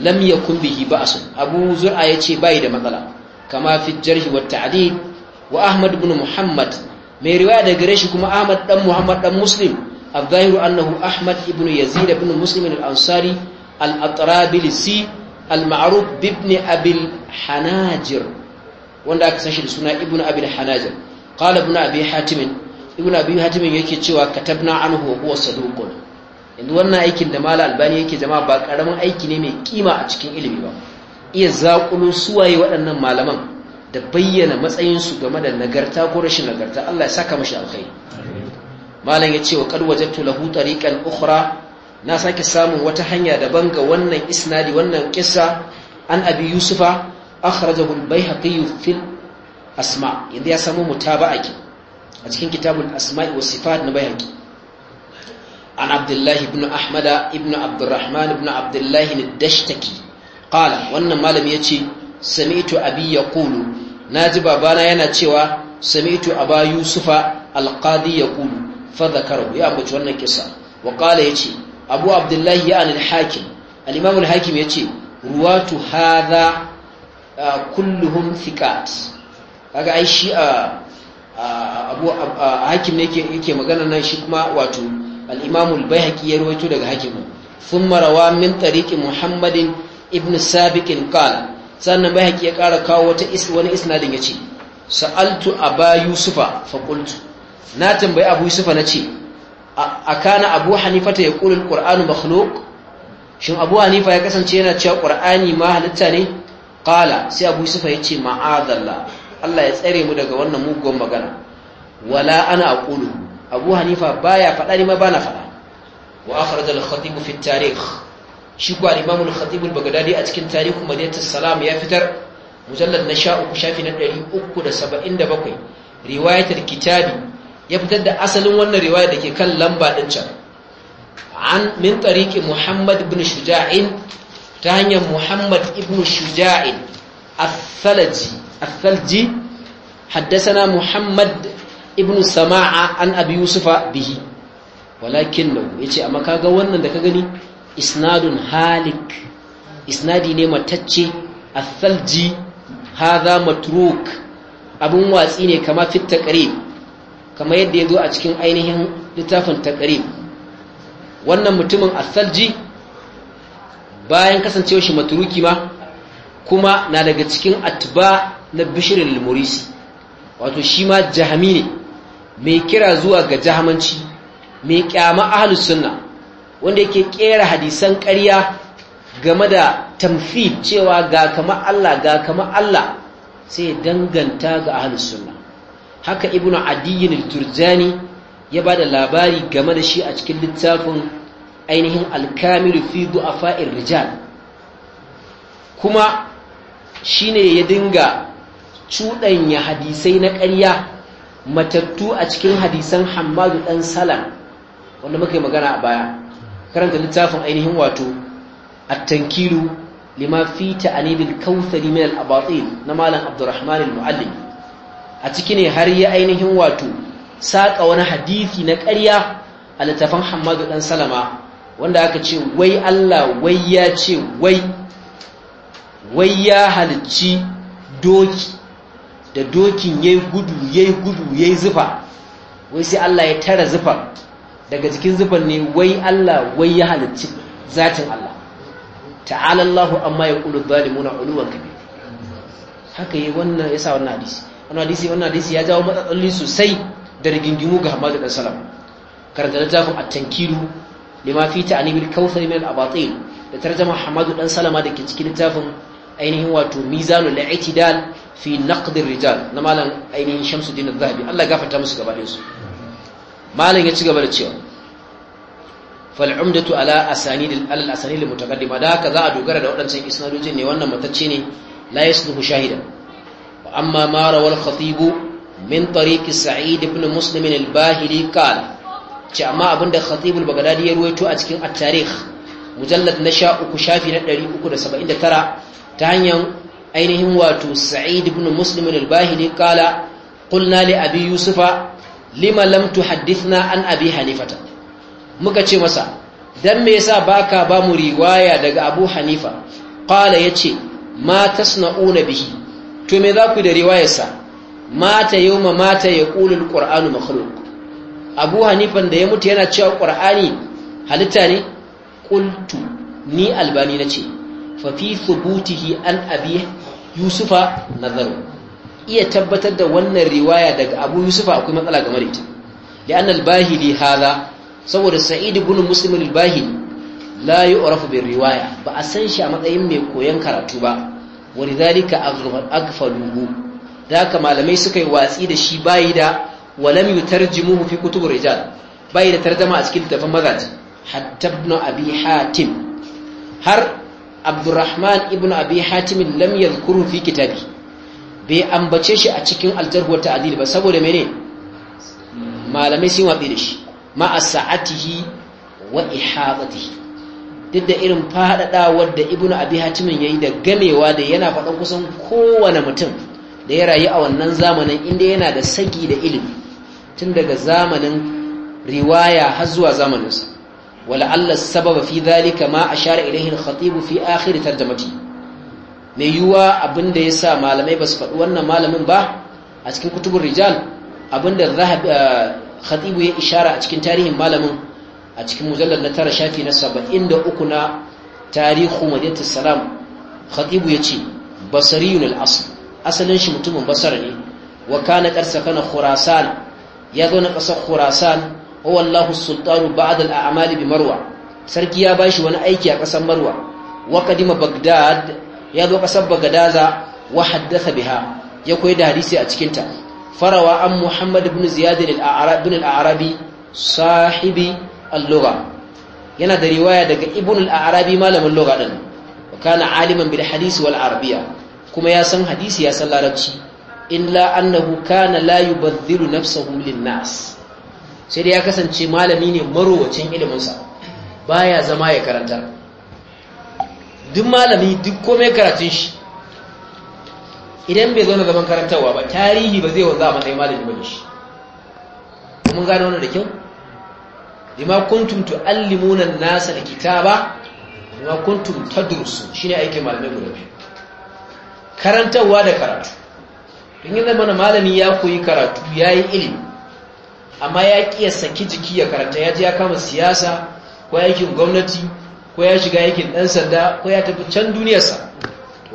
lam ya kumbi hi ba'asun abu zura ya ce bayi da matsala kama fi jarhi wa ta'adi wa ahmad ibn muhammad mai riwaya da gare shi kuma ahmad dan muhammad dan muslim a annahu ahmad ibn yazid ibn muslim al ansari al al ma'ruf bibni abil hanajir wanda aka san da suna ibnu abil hanajir qala ibn abi hatim ibn abi hatimin yake cewa katabna anhu huwa saduqun yanzu wannan aikin da mala albani yake jama'a ba karamin aiki ne mai kima a cikin ilimi ba iya zakulo suwaye waɗannan malaman da bayyana matsayinsu game da nagarta ko rashin nagarta Allah ya saka mashi alkhairi malam ya ce wa qad wajadtu lahu tariqan ukhra na sake samun wata hanya daban ga wannan isnadi wannan kissa an abi yusufa akhrajahu al-baihaqi fil asma inda ya samu mutaba'a a cikin kitabul asma'i wa sifat na bayhaqi an abdullahi ibn ahmada ibn abdurrahman ibn abdullahi ad-dashtaki qala wannan malami yace sami'tu abi na naji babana yana cewa sami'tu aba yusufa al ya kulu. fa ya ambaci wannan kisa wa qala yace abu abdullahi ya al-hakim al-imam hakim yace ruwatu hadha uh, kulluhum thiqat kaga ai shi a uh, abu hakim ne yake magana nan shi kuma wato al-imamu al-baihaqi ya rawaito daga hakim Sun marawa min tariqi muhammadin ibn sabiq qala sannan baihaqi ya ƙara kawo wata is wani isnadin yace sa'altu aba yusufa fa qultu na tambayi abu yusufa nace akana abu hanifa ta yaqulu al-qur'anu makhluq shin abu hanifa ya kasance yana cewa qur'ani ma halitta ne qala sai abu yusufa yace ma'adallah Allah ya tsere mu daga wannan muguwar magana wala ana aqulu Abu Hanifa baya faɗa ne, ma bana faɗa wa akhraj al-khatib fi tarikh shi ko imam al-khatib al-baghdadi a cikin tarikh madinatu salam ya fitar mujallad na 13 shafi na 377 riwayatul kitabi ya fitar da asalin wannan riwaya dake kan lamba din can an min tariqi muhammad ibn shuja'in ta hanyar muhammad ibn shuja'in الثلجي الثلجي حدثنا محمد ابن سماعة عن أبي يوسف به ولكنه يتي أما كاغا ونن دكا غني إسناد هالك إسنادي نيمة تتشي الثلجي هذا متروك abun watsi ne kama fit taqrib kama yadda zo a cikin ainihin littafin taqrib wannan mutumin asalji bayan kasancewa shi maturuki ma kuma na daga cikin atba na bishirin limurisi wato shi ma jahami ne mai kira zuwa ga jahamanci mai kyama ahalus sunna wanda yake kera hadisan ƙarya game da tamfi cewa ga kama Allah ga kama Allah sai danganta ga ahalus sunna haka ibnu adiyin al-turjani ya da labari game da shi a cikin littafin ainihin al-kamil fi du'afa'ir rijal kuma Shi ne ya dinga cuɗanya hadisai na ƙarya matattu a cikin hadisan hamadu ɗan salam wanda muka yi magana a baya karanta littafin ainihin wato a tankilu lima fi ta'anibil kautsari min na malam abdurrahman al-muallim a ciki ne har ya ainihin wato saƙa wani hadisi na ƙarya a littafin hamadu ɗan salama wanda aka ce wai Allah wai ya ce wai wai ya halicci doki da dokin ya yi gudu ya yi gudu ya yi zufa wai sai Allah ya tara zufa daga jikin zufan ne wai Allah wai ya halicci zatin Allah ta'ala Allahu amma ya ƙulu zalimuna uluwan kabi haka yi wannan ya sa wannan hadisi wannan hadisi wannan hadisi ya jawo matsaloli sosai da rigingimu ga hamadu dan salam karanta littafin at-tankiru lima fi ta'anibil kawthar min al-abatil da tarjama hamadu dan salama da ke cikin littafin ainihin wato mizanul i'tidal fi naqdir rijal na malam ainihin Shamsuddin Az-Zahabi Allah gafarta musu gaba su malam ya ci gaba da cewa fal umdatu ala asanid al asanid al mutaqaddima da haka za a dogara da wadancan isnadojin ne wannan matacce ne la yasluhu shahida wa amma ma rawal khatib min tariq sa'id ibn muslim al bahili qala ce amma abinda khatib al bagdadi ya ruwaito a cikin at-tarikh mujallad na 13 shafi na 379 ta hanyar ainihin wato sa'id ibn muslim al-bahili kala qulna li abi yusufa lima lam tuhaddithna an abi hanifata muka ce masa dan me yasa baka ba mu riwaya daga abu hanifa qala yace ma tasna'una bihi to me za ku da sa? mata yawma mata yaqulu al-qur'anu makhluq abu hanifan da ya mutu yana cewa qur'ani halitta ne qultu ni albani nace fa fi an abi yusufa nazaru iya tabbatar da wannan riwaya daga abu yusufa akwai matsala game da ita li'anna al saboda sa'id ibn muslim al la yu'rafu bir riwaya ba a san shi a matsayin mai koyon karatu ba walidhalika aghfaluhu da ka malamai suka yi watsi da shi bayi da walam yutarjimuhu fi kutubur rijal bayi da tarjama a cikin tafan mazaji hatta ibn abi hatim har abdurrahman ibn abi lamyar lam yadhkuru fi kitabi bai ambace shi a cikin aljarh wa ta'dil ba saboda mene malamai sun watsi da shi ma sa'atihi wa ihadatihi duk da irin fadadawar da ibn abi hatimin yayi da gamewa da yana faɗan kusan kowane mutum da ya rayu a wannan zamanin inda yana da saki da ilimi tun daga zamanin riwaya har zuwa zamaninsa wala Allah sababa fi dhalika ma ashara ilayhi al-khatib fi akhir tarjamati mai yiwuwa abinda ya sa malamai basu faɗi wannan malamin ba a cikin kutubur rijal abinda zahab ah, ya ishara a cikin tarihin malamin a cikin mujallar na tara shafi na uku na tarihu madinatu salam ya ce basariyun al asalin shi mutumin basara ne wa kana qad sakana khurasan ya zo na ƙasar khurasan huwa Allahu sultanu ba'da al-a'mali bi Marwa sarki ya bashi wani aiki a kasar Marwa wa kadima Baghdad ya zo kasar bagdaza wa haddatha biha ya koyi da hadisi a cikin ta farawa an Muhammad ibn Ziyad al-Arabi al-Arabi sahibi al-lugha yana da riwaya daga Ibn al-Arabi malamin lugha din kana aliman bil hadisi wal arabiyya kuma ya san hadisi ya san larabci illa annahu kana la yubadhilu nafsahu lin nas sai dai ya kasance malami ne marowacin iliminsa ya zama ya karanta duk malami duk kome karatun shi idan bai zauna zaman karantarwa ba tarihi ba zai wanzu a matsayin malami ba shi mun gane wani da kyau lima kuntum tu allimunan nasa kita kitaba lima kuntum shi shine aikin malamai guda biyu karantarwa da karatu don yi zama malami ya koyi karatu ya yi ilimi amma ya ƙi ya saki jiki ya karanta ya ji ya kama siyasa ko yakin gwamnati ko ya shiga yakin ɗan sanda ko ya tafi can duniyarsa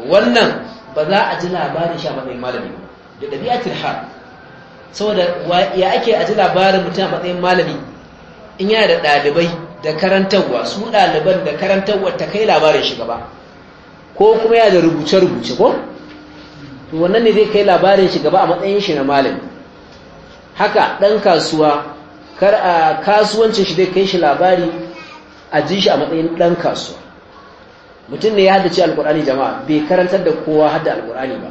wannan ba za a ji labarin sha matsayin malami da ɗabi'atul har saboda ya ake a ji labarin mutum a matsayin malami in yana da ɗalibai da karantarwa su ɗaliban da karantarwa ta kai labarin shi gaba ko kuma yana da rubuce-rubuce ko wannan ne zai kai labarin shi gaba a matsayin shi na malami haka ɗan kasuwa kar a kasuwancin shi dai kai shi labari a ji shi a matsayin ɗan kasuwa mutum ne ya haddace alkur'ani jama'a bai karantar da kowa hadda alkur'ani ba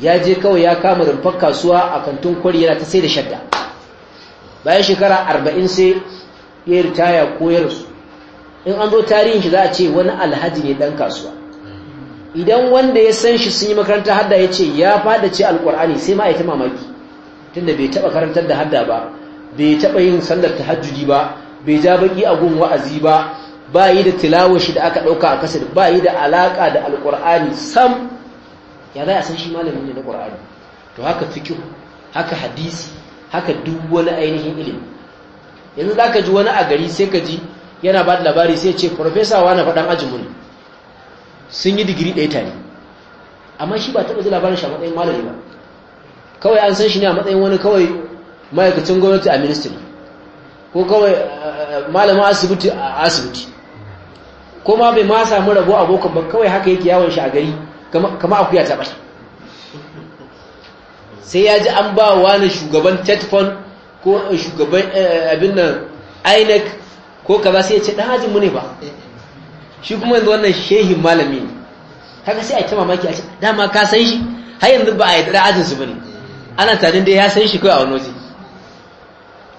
ya je kawai ya kama rumfar kasuwa a kantin kwari yana ta sai da shadda bayan shekara arba'in sai ya yi ritaya ko ya in an zo tarihin shi za a ce wani alhaji ne dan kasuwa idan wanda ya san shi sun yi makaranta hadda ya ce ya fada ce alkur'ani sai ma mamaki tunda bai taba karantar da hadda ba bai taba yin sallar tahajjudi ba bai ja baki a gun wa'azi ba ba yi da tilawashi da aka dauka a kasar ba yi da alaka da alqur'ani sam ya za a san shi malamin ne na qur'ani to haka fikir, haka hadisi haka duk wani ainihin ilimi yanzu zaka ji wani a gari sai ka ji yana ba da labari sai ce profesa wani faɗan ajinmu ne sun yi digiri ɗaya tare amma shi ba taɓa ji labarin shi a matsayin malami ba kawai an san shi ne a matsayin wani kawai ma'aikacin gwamnati a ministry ko kawai eh, eh, malamin asibiti a asibiti ko ma bai ma samu rabo abokan ba kawai haka yake yawon shi a gari kama akuya ta ɓai sai ya ji an ba wani shugaban tetfon ko eh, shugaban abin nan inec ko kaza sai ya ce ɗan mu ne ba shi kuma yanzu wannan shehin malami ne haka sai a ta mamaki a ce dama ka san shi har yanzu ba a yi ɗan ajinsu ba ne ana tanin da ya san shi kai a wani waje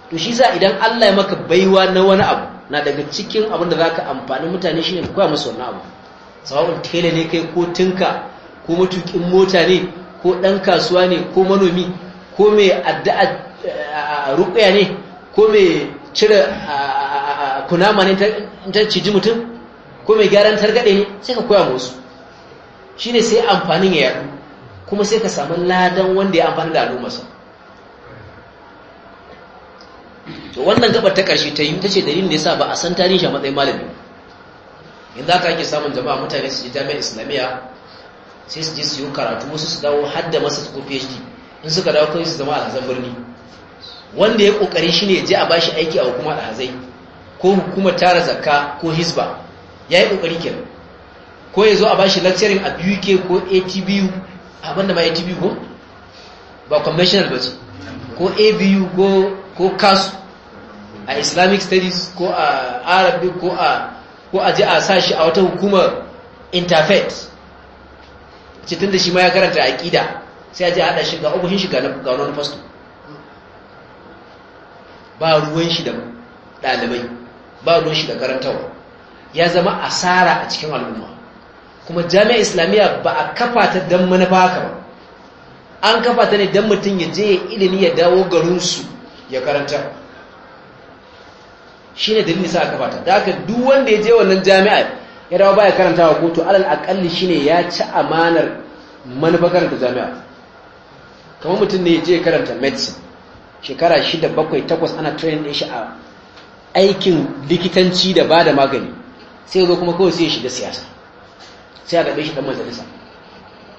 to shi sa idan Allah ya maka baiwa na wani abu na daga cikin abin da zaka amfani mutane shine koya musu wannan abu sabon tele ne kai ko tinka ko mutukin mota ne ko dan kasuwa ne ko manomi ko mai addu'a eh, ruqya ne ko mai cire eh, eh, kunama ne ta ciji mutum ko mai gyaran targade ne sai ka koya musu shine sai amfanin ya yaro kuma sai ka samu ladan wanda ya amfani da al'ummarsa to wannan gabar ta karshe ta yi ta ce dalilin da yasa ba a san tarihin a matsayin malami za ka ake samun jama'a mutane su je jami'ar islamiyya sai su je su yi karatu wasu su dawo har da masa ko phd in suka dawo kai su zama alhazan birni wanda ya kokari shine ya je a bashi aiki a hukumar alhazai ko hukumar tara zakka ko hisba ya yi kokari kenan ko ya zo a bashi lecturing a uk ko ATBU abinda ma atp ko ba conventional ba ce ko abu ko kasu a islamic studies ko a arabic ko a ko a ji a sashi a wata hukumar interfaith cikin da shi ma ya karanta ƙida sai a ji haɗa shiga ofishin shiga na wani fasto ba ruwan shi da ɗalibai ba ruwan shi da karantawa ya zama asara a cikin al'umma kuma jami'a islamiyya ba a kafa ta don manufa haka ba an kafa ta ne don mutum ya je ilimi ya dawo garinsu ya karanta shi ne dalilin sa a kafa ta da haka duk wanda ya je wannan jami'a ya dawo baya karanta wa to alal akalli shi ne ya ci amanar manufa karanta jami'a kamar mutum ne ya je karanta medicine shekara shida bakwai takwas ana training ɗin shi a aikin likitanci da ba da magani sai zo kuma kawai sai ya shiga siyasa sai a gabe shi dan majalisa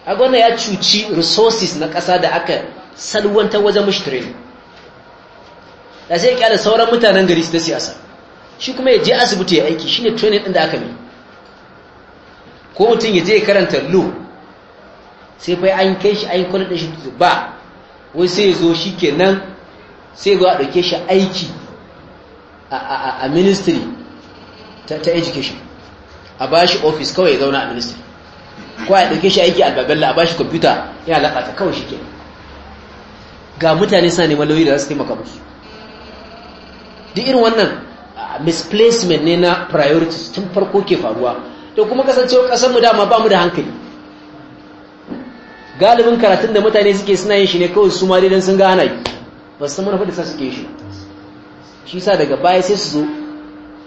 a gwana ya cuci resources na ƙasa da aka salwanta wajen mashi training da sai ya sauran mutanen gari su ta siyasa shi kuma ya je asibiti ya aiki shine training ɗin da aka mai ko mutum ya je karanta lo sai fa an kai shi an da shi ba wai sai ya zo shi kenan sai zo a ɗauke shi aiki a ministry ta education a bashi ofis kawai ya zauna a minista ko a ɗauke shi aiki albabella a bashi kwamfuta ya laƙata kawai shi ke ga mutane sa neman lauyi da za su taimaka musu duk irin wannan misplacement ne na priorities tun farko ke faruwa da kuma kasancewa kasanmu dama ba mu da hankali galibin karatun da mutane suke suna yin shi ne kawai su ma dai don sun gana yi ba su san mana fa da sa suke yi shi shi sa daga baya sai su zo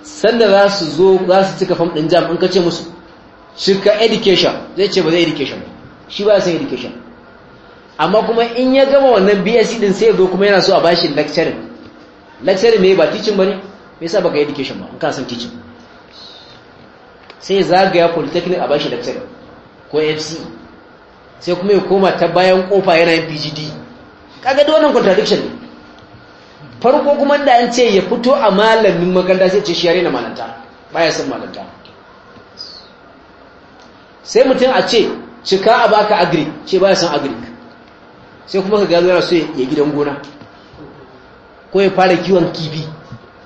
sanda za su zo za su cika fam ɗin jam in ka ce musu shirka education zai ce ba zai education shi ba san education amma kuma in ya gama wannan bsc din sai ya zo kuma yana so a bashi lecturing lecturing ne ba teaching ba ne me yasa baka education ba in ka san teaching sai zagaya polytechnic a bashi lecturing ko fc e. sai kuma ya koma ta bayan kofa yana yin pgd e. kaga da wannan contradiction ne farko kuma da an ce ya fito a malamin makaranta sai ce shi yare na malanta baya son malanta sai mutum a ce cika a baka agri ce baya son agri sai kuma ka gano yana so ya gidan gona ko ya fara kiwon kibi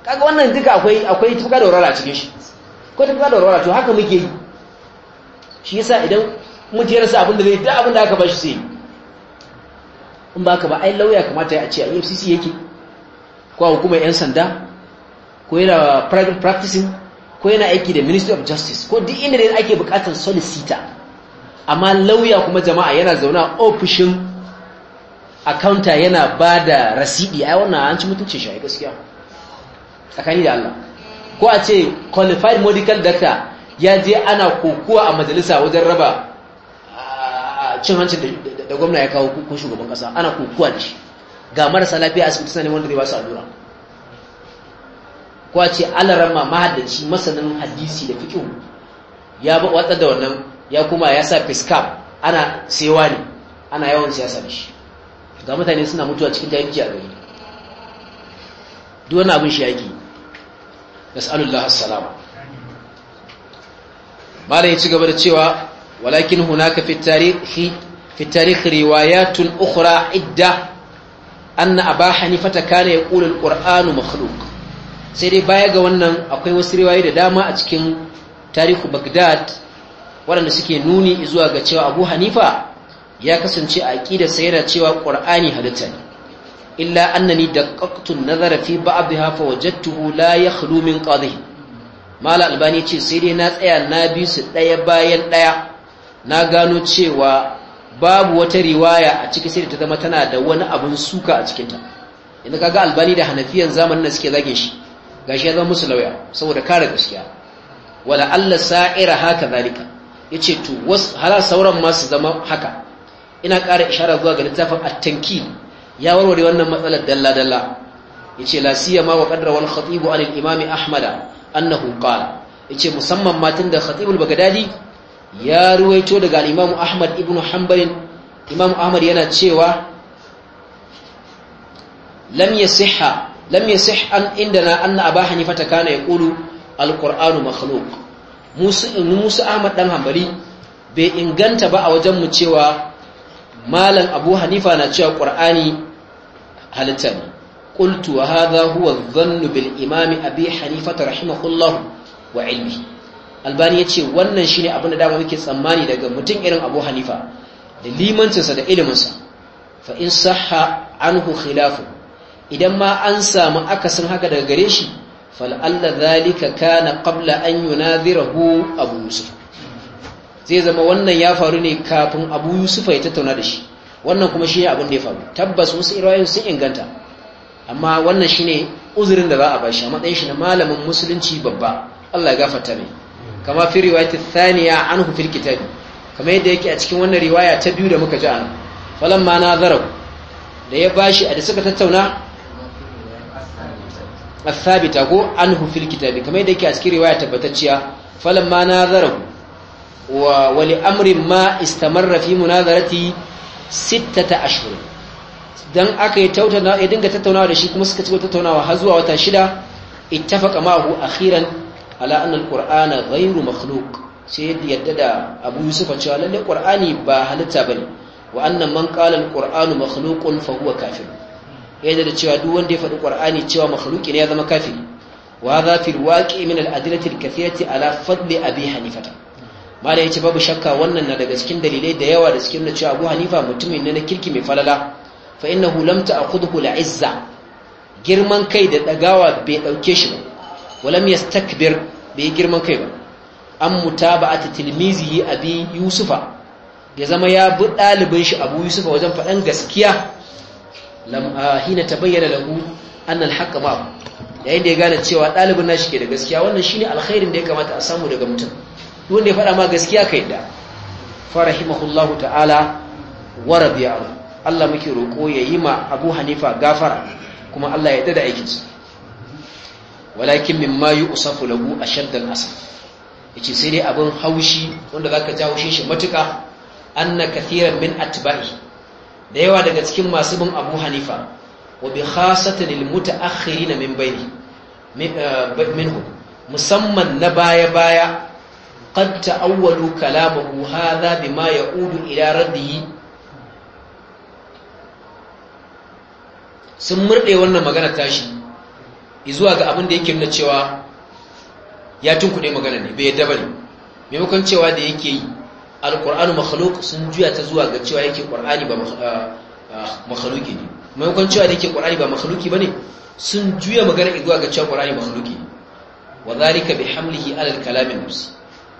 kaga wannan duka akwai akwai tuka da warwara cikin shi ko tuka da warwara to haka muke yi shi yasa idan rasa sa da zai da da aka bashi sai in baka ba ai lauya kamata ya ce a EFCC yake ko a hukumar 'yan sanda ko yana private practicing ko yana aiki da ministry of justice ko duk inda ne ake bukatar solicitor amma lauya kuma jama'a yana zaune a ofishin accounta yana ba da rasidi ai wannan an ci mutunci shi gaskiya tsakani da Allah ko a ce qualified medical doctor ya je ana kokuwa a majalisa wajen raba cin hancin da gwamna ya kawo ko shugaban kasa ana kokuwa da shi ga marasa lafiya asibiti suna neman wanda zai ba su allura kuwa a ce alarama mahaddaci masanin hadisi da fikin ya watsa da wannan ya kuma ya sa fiskap ana sewa ne ana yawan siyasa da shi ga mutane suna mutuwa cikin jahilci a gari duwana abin shi yaki ba. assalama ya ci gaba da cewa walakin hunaka fi tarihi riwayatun ukhra idda anna aba hanifata kana yaqulu alqur'anu makhluq sai dai baya ga wannan akwai wasu riwayoyi da dama a cikin tarihu bagdad waɗanda suke nuni zuwa ga cewa abu hanifa ya kasance a aƙidarsa da cewa ƙur'ani halitta illa annani daqqaqtu nazara fi ba'dha fa wajadtuhu la yakhlu min qadhi mala albani ce sai dai na tsaya na bi su ɗaya bayan ɗaya na gano cewa babu wata riwaya a cikin sai da ta zama tana da wani abin suka a cikinta inda kaga albani da hanafiyan zamanin da suke zage shi gashi ya zama musu lauya saboda kare gaskiya wala Allah sa'ira haka zalika yace to was hala sauran ma su zama haka ina ƙara ishara zuwa ga littafin at-tankil ya warware wannan matsalar dalla dalla yace la siyama wa qadra wal khatib an al-imam ahmad annahu qala yace musamman ma tunda khatibul bagdadi ya ruwaito daga al Ahmad ibn Hanbal Imam Ahmad yana cewa lam yasihha lam yasih an indana anna Abu Hanifa kana yaqulu al-Qur'anu Musa Ahmad ɗan Hanbali bai inganta ba a wajen mu cewa malam Abu na cewa ƙur'ani halitta ƙultu wa haza huwa adh bil imami Abi Hanifa rahimahullah wa ilmi albani ya ce wannan shi ne abin da dama muke tsammani daga mutum irin abu hanifa da limancinsa da iliminsa fa in sahha anhu khilafu idan ma an samu akasin haka daga gare shi fal'alla zalika kana qabla an rahu abu yusuf zai zama wannan ya faru ne kafin abu yusuf ya tattauna da shi wannan kuma shi ne abin da ya faru tabbas wasu irayen sun inganta amma wannan shi ne uzurin da za a bashi a matsayin shi na malamin musulunci babba Allah ya gafarta mai kama fi riwayat thaniya anhu fil kitab kamar yadda yake a cikin wannan riwaya ta biyu da muka ji an falamma nazara da ya bashi a da suka tattauna asabita ko anhu fil kitabi kama yadda yake a cikin riwaya tabbatacciya ma nazara wa wali amrin ma istamarra fi munazarati sittata ashhur dan aka yi tautauna ya dinga tattaunawa da shi kuma suka ci tattaunawa har zuwa wata shida ittafaqa ma'ahu akhiran ala anna alqur'ana ghayru makhluq sai yadda da abu yusufa cewa lalle qur'ani ba halitta bane wa annan man qala alqur'anu makhluqun fa huwa kafir yadda da cewa duk wanda ya faɗi qur'ani cewa makhluqi ne ya zama kafiri wa hadha fil waqi' min al-adillati al-kathirati ala fadli abi hanifata mala yace babu shakka wannan na daga cikin dalilai da yawa da cikin cewa abu hanifa mutumin ne na kirki mai falala fa innahu lam ta'khudhu al-izza girman kai da dagawa bai dauke shi ba walam yastakbir bai girman kai ba an mutaba'ati tilmizihi abi yusufa ya zama ya bi ɗalibin shi abu yusufa wajen faɗan gaskiya hina ta bayyana lahu annal haqqa ma yayin da ya gane cewa ɗalibin nashi ke da gaskiya wannan shine alkhairin da ya kamata a samu daga mutum duk wanda faɗa ma gaskiya kai da farahimahullahu ta'ala wa radiya Allah muke roƙo yayi ma Abu Hanifa gafara kuma Allah ya dada aikinsa walakin mimma yusafu lahu ashaddan asaf yace sai dai abin haushi wanda ka ja haushin shi matuka anna kathiran min atba'i da yawa daga cikin masu bin Abu Hanifa wa bi khasatan lil mutaakhirin min bayni eh, minhu musamman na baya baya qad ta'awwalu kalamahu hadha bima ya'udu ila raddihi sun murɗe wannan magana tashi izuwa ga abin da yake nuna cewa ya tunkuɗe magana ne bai yadda bane maimakon cewa da yake yi alƙur'anu makhluk sun juya ta zuwa ga cewa yake ƙur'ani ba ah, ah, makhluki ne maimakon cewa da yake ƙur'ani ba makhluki bane sun juya magana izuwa ga cewa ƙur'ani makhluki ne wa zalika bi hamlihi alal kalamin nafsi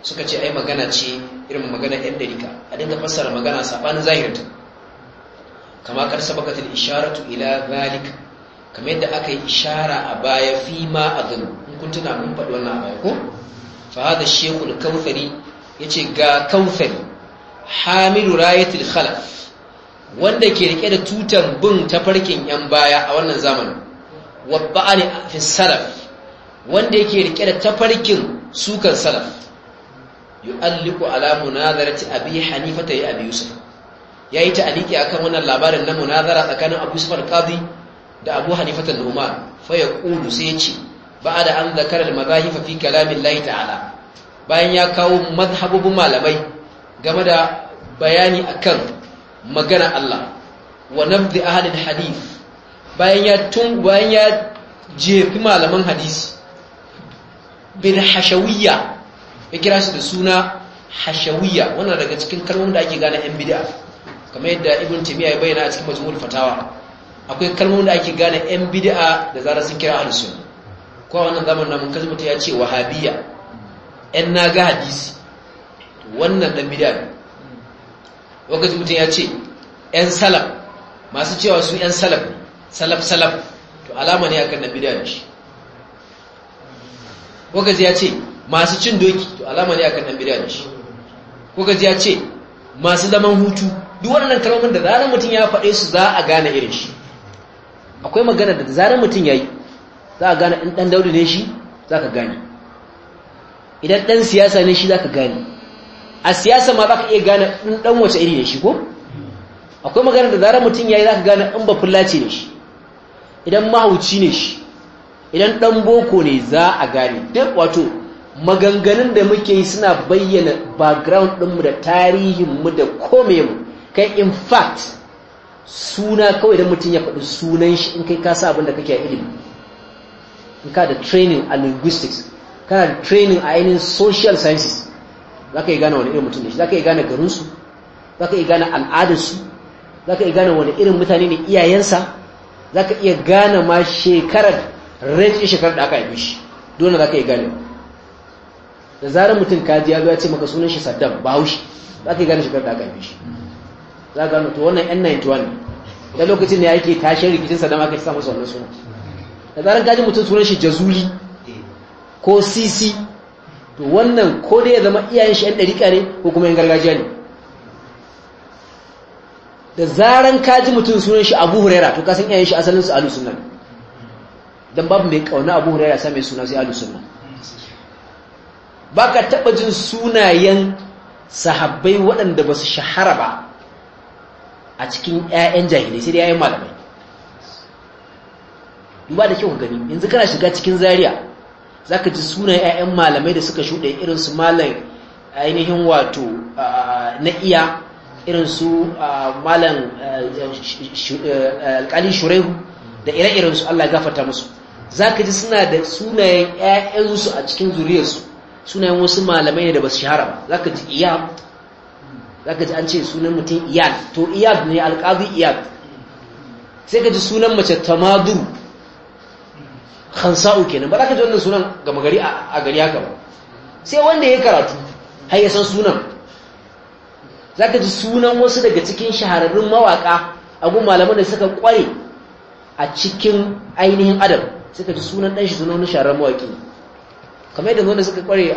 suka ce ai magana ce irin magana ɗan ɗarika a dinga fassara magana sabanin zahirta kama kar sabakatul isharatu ila zalika kamar yadda aka yi ishara a baya fi ma a gano in kun tuna mun faɗi wannan abu ko fa hada shekul kawfari ya ce ga kawfari hamilu rayatul khalaf wanda ke rike da tutan bin tafarkin yan baya a wannan zamanin wabba'a ne fi salaf wanda yake rike da tafarkin sukan salaf yu'alliqu ala munazarati abi hanifa ta abi yusuf yayi ta'aliki akan wannan labarin na munazara tsakanin abu yusuf al-qadi da abu hanifat al-umar fa ya sai ya ce ba da an zakarar al-mazahifa fi kalamin lahi ta'ala bayan ya kawo mazhabubin malamai game da bayani akan magana Allah wa nabdi ahadin hadith bayan ya tun bayan ya jefi malaman hadisi bin hashawiyya ya kira su da suna hashawiyya wannan daga cikin kalmomin da ake gane yan bid'a kamar yadda ibn timiya ya bayyana a cikin majmu'ul fatawa akwai kalmomin da ake gane yan bid'a da zarar sun kira ahlus sunna ko a wannan zaman namun kaji mutum ya ce wahabiyya yan ga hadisi wannan dan bid'a ne wakaji mutum ya ce yan salaf masu cewa su yan salaf salaf salaf to alama ne akan dan bid'a ne shi wakaji ya ce masu cin doki to alama ne akan dan bid'a ne shi wakaji ya ce masu zaman hutu duk wannan kalmomin da zarar mutum ya faɗe su za a gane irin shi akwai magana da zarar mutum ya yi za a gane in ɗan daudu ne shi za ka gane idan ɗan siyasa ne shi za ka gane a siyasa ma za ka iya gane in ɗan wace iri ne shi ko akwai magana da zarar mutum ya yi za ka gane in bafulla ce ne shi idan mahauci ne shi idan ɗan boko ne za a gane duk wato maganganun da muke yi suna bayyana background ɗinmu da tarihinmu da komai mu kai in fact suna kawai da mutum ya faɗi sunan shi in kai ka sa abin da kake a ilimi in ka da training a linguistics kana da training a ainihin social sciences za ka yi gane wani irin mutum ne shi za ka yi gane garinsu za ka yi gane al'adarsu za ka yi gane wani irin mutane ne iyayensa za ka iya gane ma shekarar rage shekarar da aka yi shi dole za ka yi gane da zarar mutum kaji ya zo ya ce maka sunan shi saddam haushi za ka yi gane shekarar da aka yi shi za a gano to wannan yan 91 da lokacin ne ake tashin rikicin sadama aka samu wannan suna da zaran kaji mutum sunan shi jazuli ko sisi to wannan ko da ya zama iyayen shi yan dariƙa ne ko kuma yan gargajiya ne da zaran kaji mutum sunan shi abu huraira to kasan iyayen shi asalin su alu sunna dan babu mai kauna abu huraira sai mai suna sai alu sunna baka taba jin sunayen sahabbai waɗanda ba su shahara ba a cikin 'ya'yan jahilai sai dai 'ya'yan malamai duba da kyau gani yanzu kana shiga cikin zaria zaka ji sunan 'ya'yan malamai da suka shuɗe irin su malam ainihin wato na iya irin su malam alƙalin shuraihu da ire irin su Allah gafarta musu zaka ji suna da sunayen su a cikin zuriyarsu sunayen wasu malamai ne da basu shahara ba zaka ji iya zaka ji an ce sunan mutum iyad to iyad ne alqazi iyad sai ka ji sunan mace tamadur khansa'u kenan ba za ka ji wannan sunan ga magari a gari haka ba sai wanda ya karatu har ya san sunan za ji sunan wasu daga cikin shahararrun mawaka a gun malaman da suka kware a cikin ainihin adam suka ji sunan ɗan shi sunan shahararrun mawaki kamar yadda wanda suka kware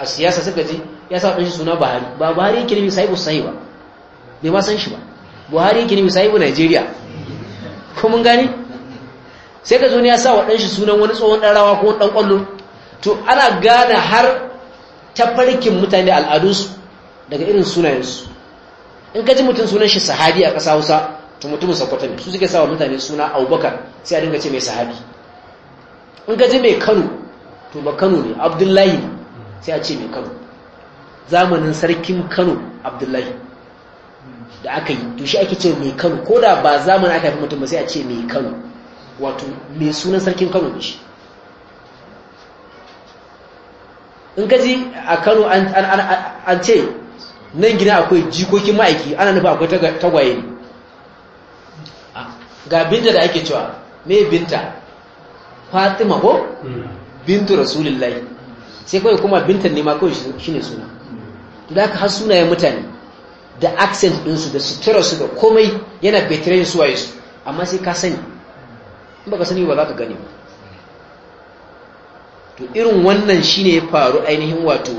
a siyasa suka ji ya sa ɗan shi suna Buhari ba Buhari yake ne sahibu sahi ba bai ma san shi ba Buhari yake nemi sahibu Najeriya ko mun gane sai ka zo ne ya sa wa ɗan shi sunan wani tsohon ɗan rawa ko ɗan ƙwallo to ana gane har ta farkin mutane al'adunsu daga irin sunayensu in ka ji mutum sunan shi sahabi a ƙasa Hausa to mutumin sa kwatami su suke sa wa mutane suna Abubakar sai a dinga ce mai sahabi in ka ji mai Kano to ba Kano ne Abdullahi sai a ce mai Kano zamanin sarkin kano abdullahi da aka yi to shi ake ce mai kano ko da ba zamanin aka yi mutum ba sai a ce mai kano wato mai sunan sarkin kano ne shi in kaji a kano an ce nan gina akwai jikokin ma'aiki ana nufa akwai tagwaye ne ah. ga binta da ake cewa mai binta fatima ko hmm. bintu rasulullahi sai kawai kuma bintan ne ma kawai shi ne suna to da aka har sunayen mutane da accent ɗinsu da suturarsu da komai yana su suwaye su amma sai ka sani in ba ka sani ba za ka gani to irin wannan shine ya faru ainihin wato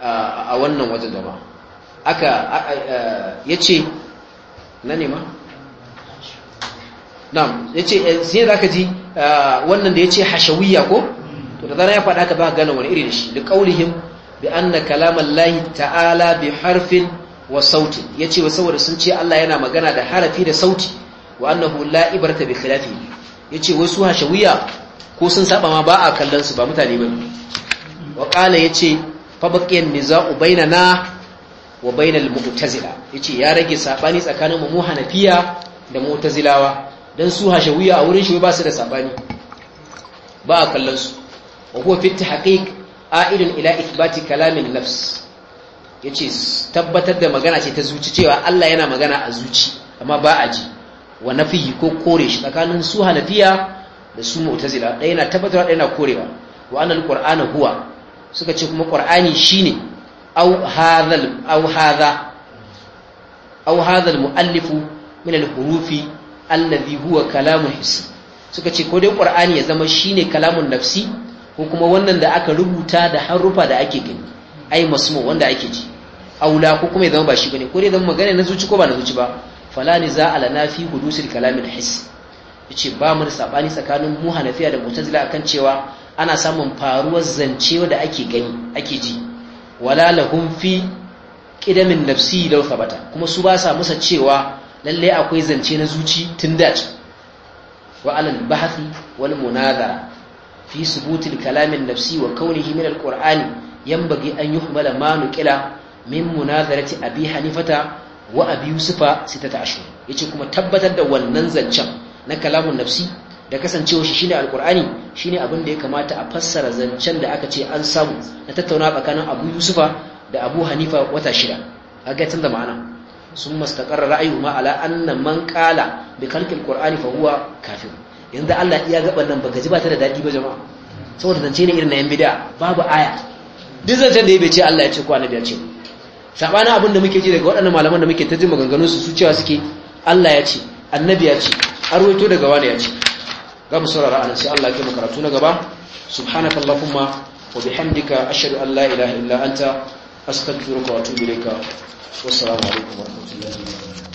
a wannan wajen da ba aka ya ce na nema na'am ya ce eh, sai za ka ji wannan da ya ce hashawiyya ko to da zara ya faɗa ka ba gane wani iri da shi da ƙaunihin. bi anna kalamallahi ta'ala bi harfin wa sautin yace wa saboda sun ce Allah yana magana da harafi da sauti wa annahu la ibrata bi khilafi yace wai su hashawiya ko sun saba ma ba a kallon su ba mutane ba wa qala yace fa baqiyan niza'u bainana wa bainal mu'tazila yace ya rage sabani tsakanin mu hanafiya da mu'tazilawa dan su hashawiya a wurin shi ba su da sabani ba a kallon su wa huwa fi tahqiq a'idun ila ithbati kalamin nafs yace tabbatar da magana ce ta zuci cewa Allah yana magana a zuci amma ba a ji wa nafihi ko kore shi tsakanin su hanafiya da su mu'tazila ɗaya yana tabbatar, ɗaya yana korewa wa annal qur'ana huwa suka ce kuma qur'ani shine aw hadhal aw hadha aw hadha muallifu min al hurufi alladhi huwa kalamu hissi suka ce ko dai qur'ani ya zama shine kalamun nafsi ko kuma wannan da aka rubuta da harufa da ake gani ai masmu wanda ake ji aula ko kuma ya zama ba shi bane ko dai zama magana na zuci ko ba na zuci ba falani za ala na fi hudusul kalamin his yace ba mu da sabani tsakanin mu hanafiya da mu'tazila akan cewa ana samun faruwar zance da ake gani ake ji wala lahum fi qidamin nafsi law sabata kuma su ba sa musa cewa lalle akwai zance na zuci tun da wa alal bahthi wal munazara fi subutil kalamin nafsi wa kaunihi min alqur'ani yanbaghi an yuhmala ma nuqila min munazarati abi hanifata wa abi yusufa 16 yace kuma tabbatar da wannan zancen na kalamun nafsi da kasancewa shi shine alqur'ani shine abin da ya kamata a fassara zancen da aka ce an samu na tattauna tsakanin abu yusufa da abu hanifa wata shida kaga tun da ma'ana sun mastaqarra ra'ayuhuma ala anna man qala bi khalqi alqur'ani fa huwa kafir yanzu Allah iya gaban nan baka ji ba ta da daɗi ba jama'a saboda zance ne irin na yan bid'a babu aya duk zancen da ya ce Allah ya ce ko annabi ya ce sabana abin da muke ji daga waɗannan malaman da muke ta jin maganganun su su cewa suke Allah ya ce annabi ya ce an daga wani ya ce ga mu saurara anan sai Allah ya kai karatu na gaba subhanakallahumma wa bihamdika ashhadu an la ilaha illa anta astaghfiruka wa atubu ilaika wassalamu alaikum wa rahmatullahi wa barakatuh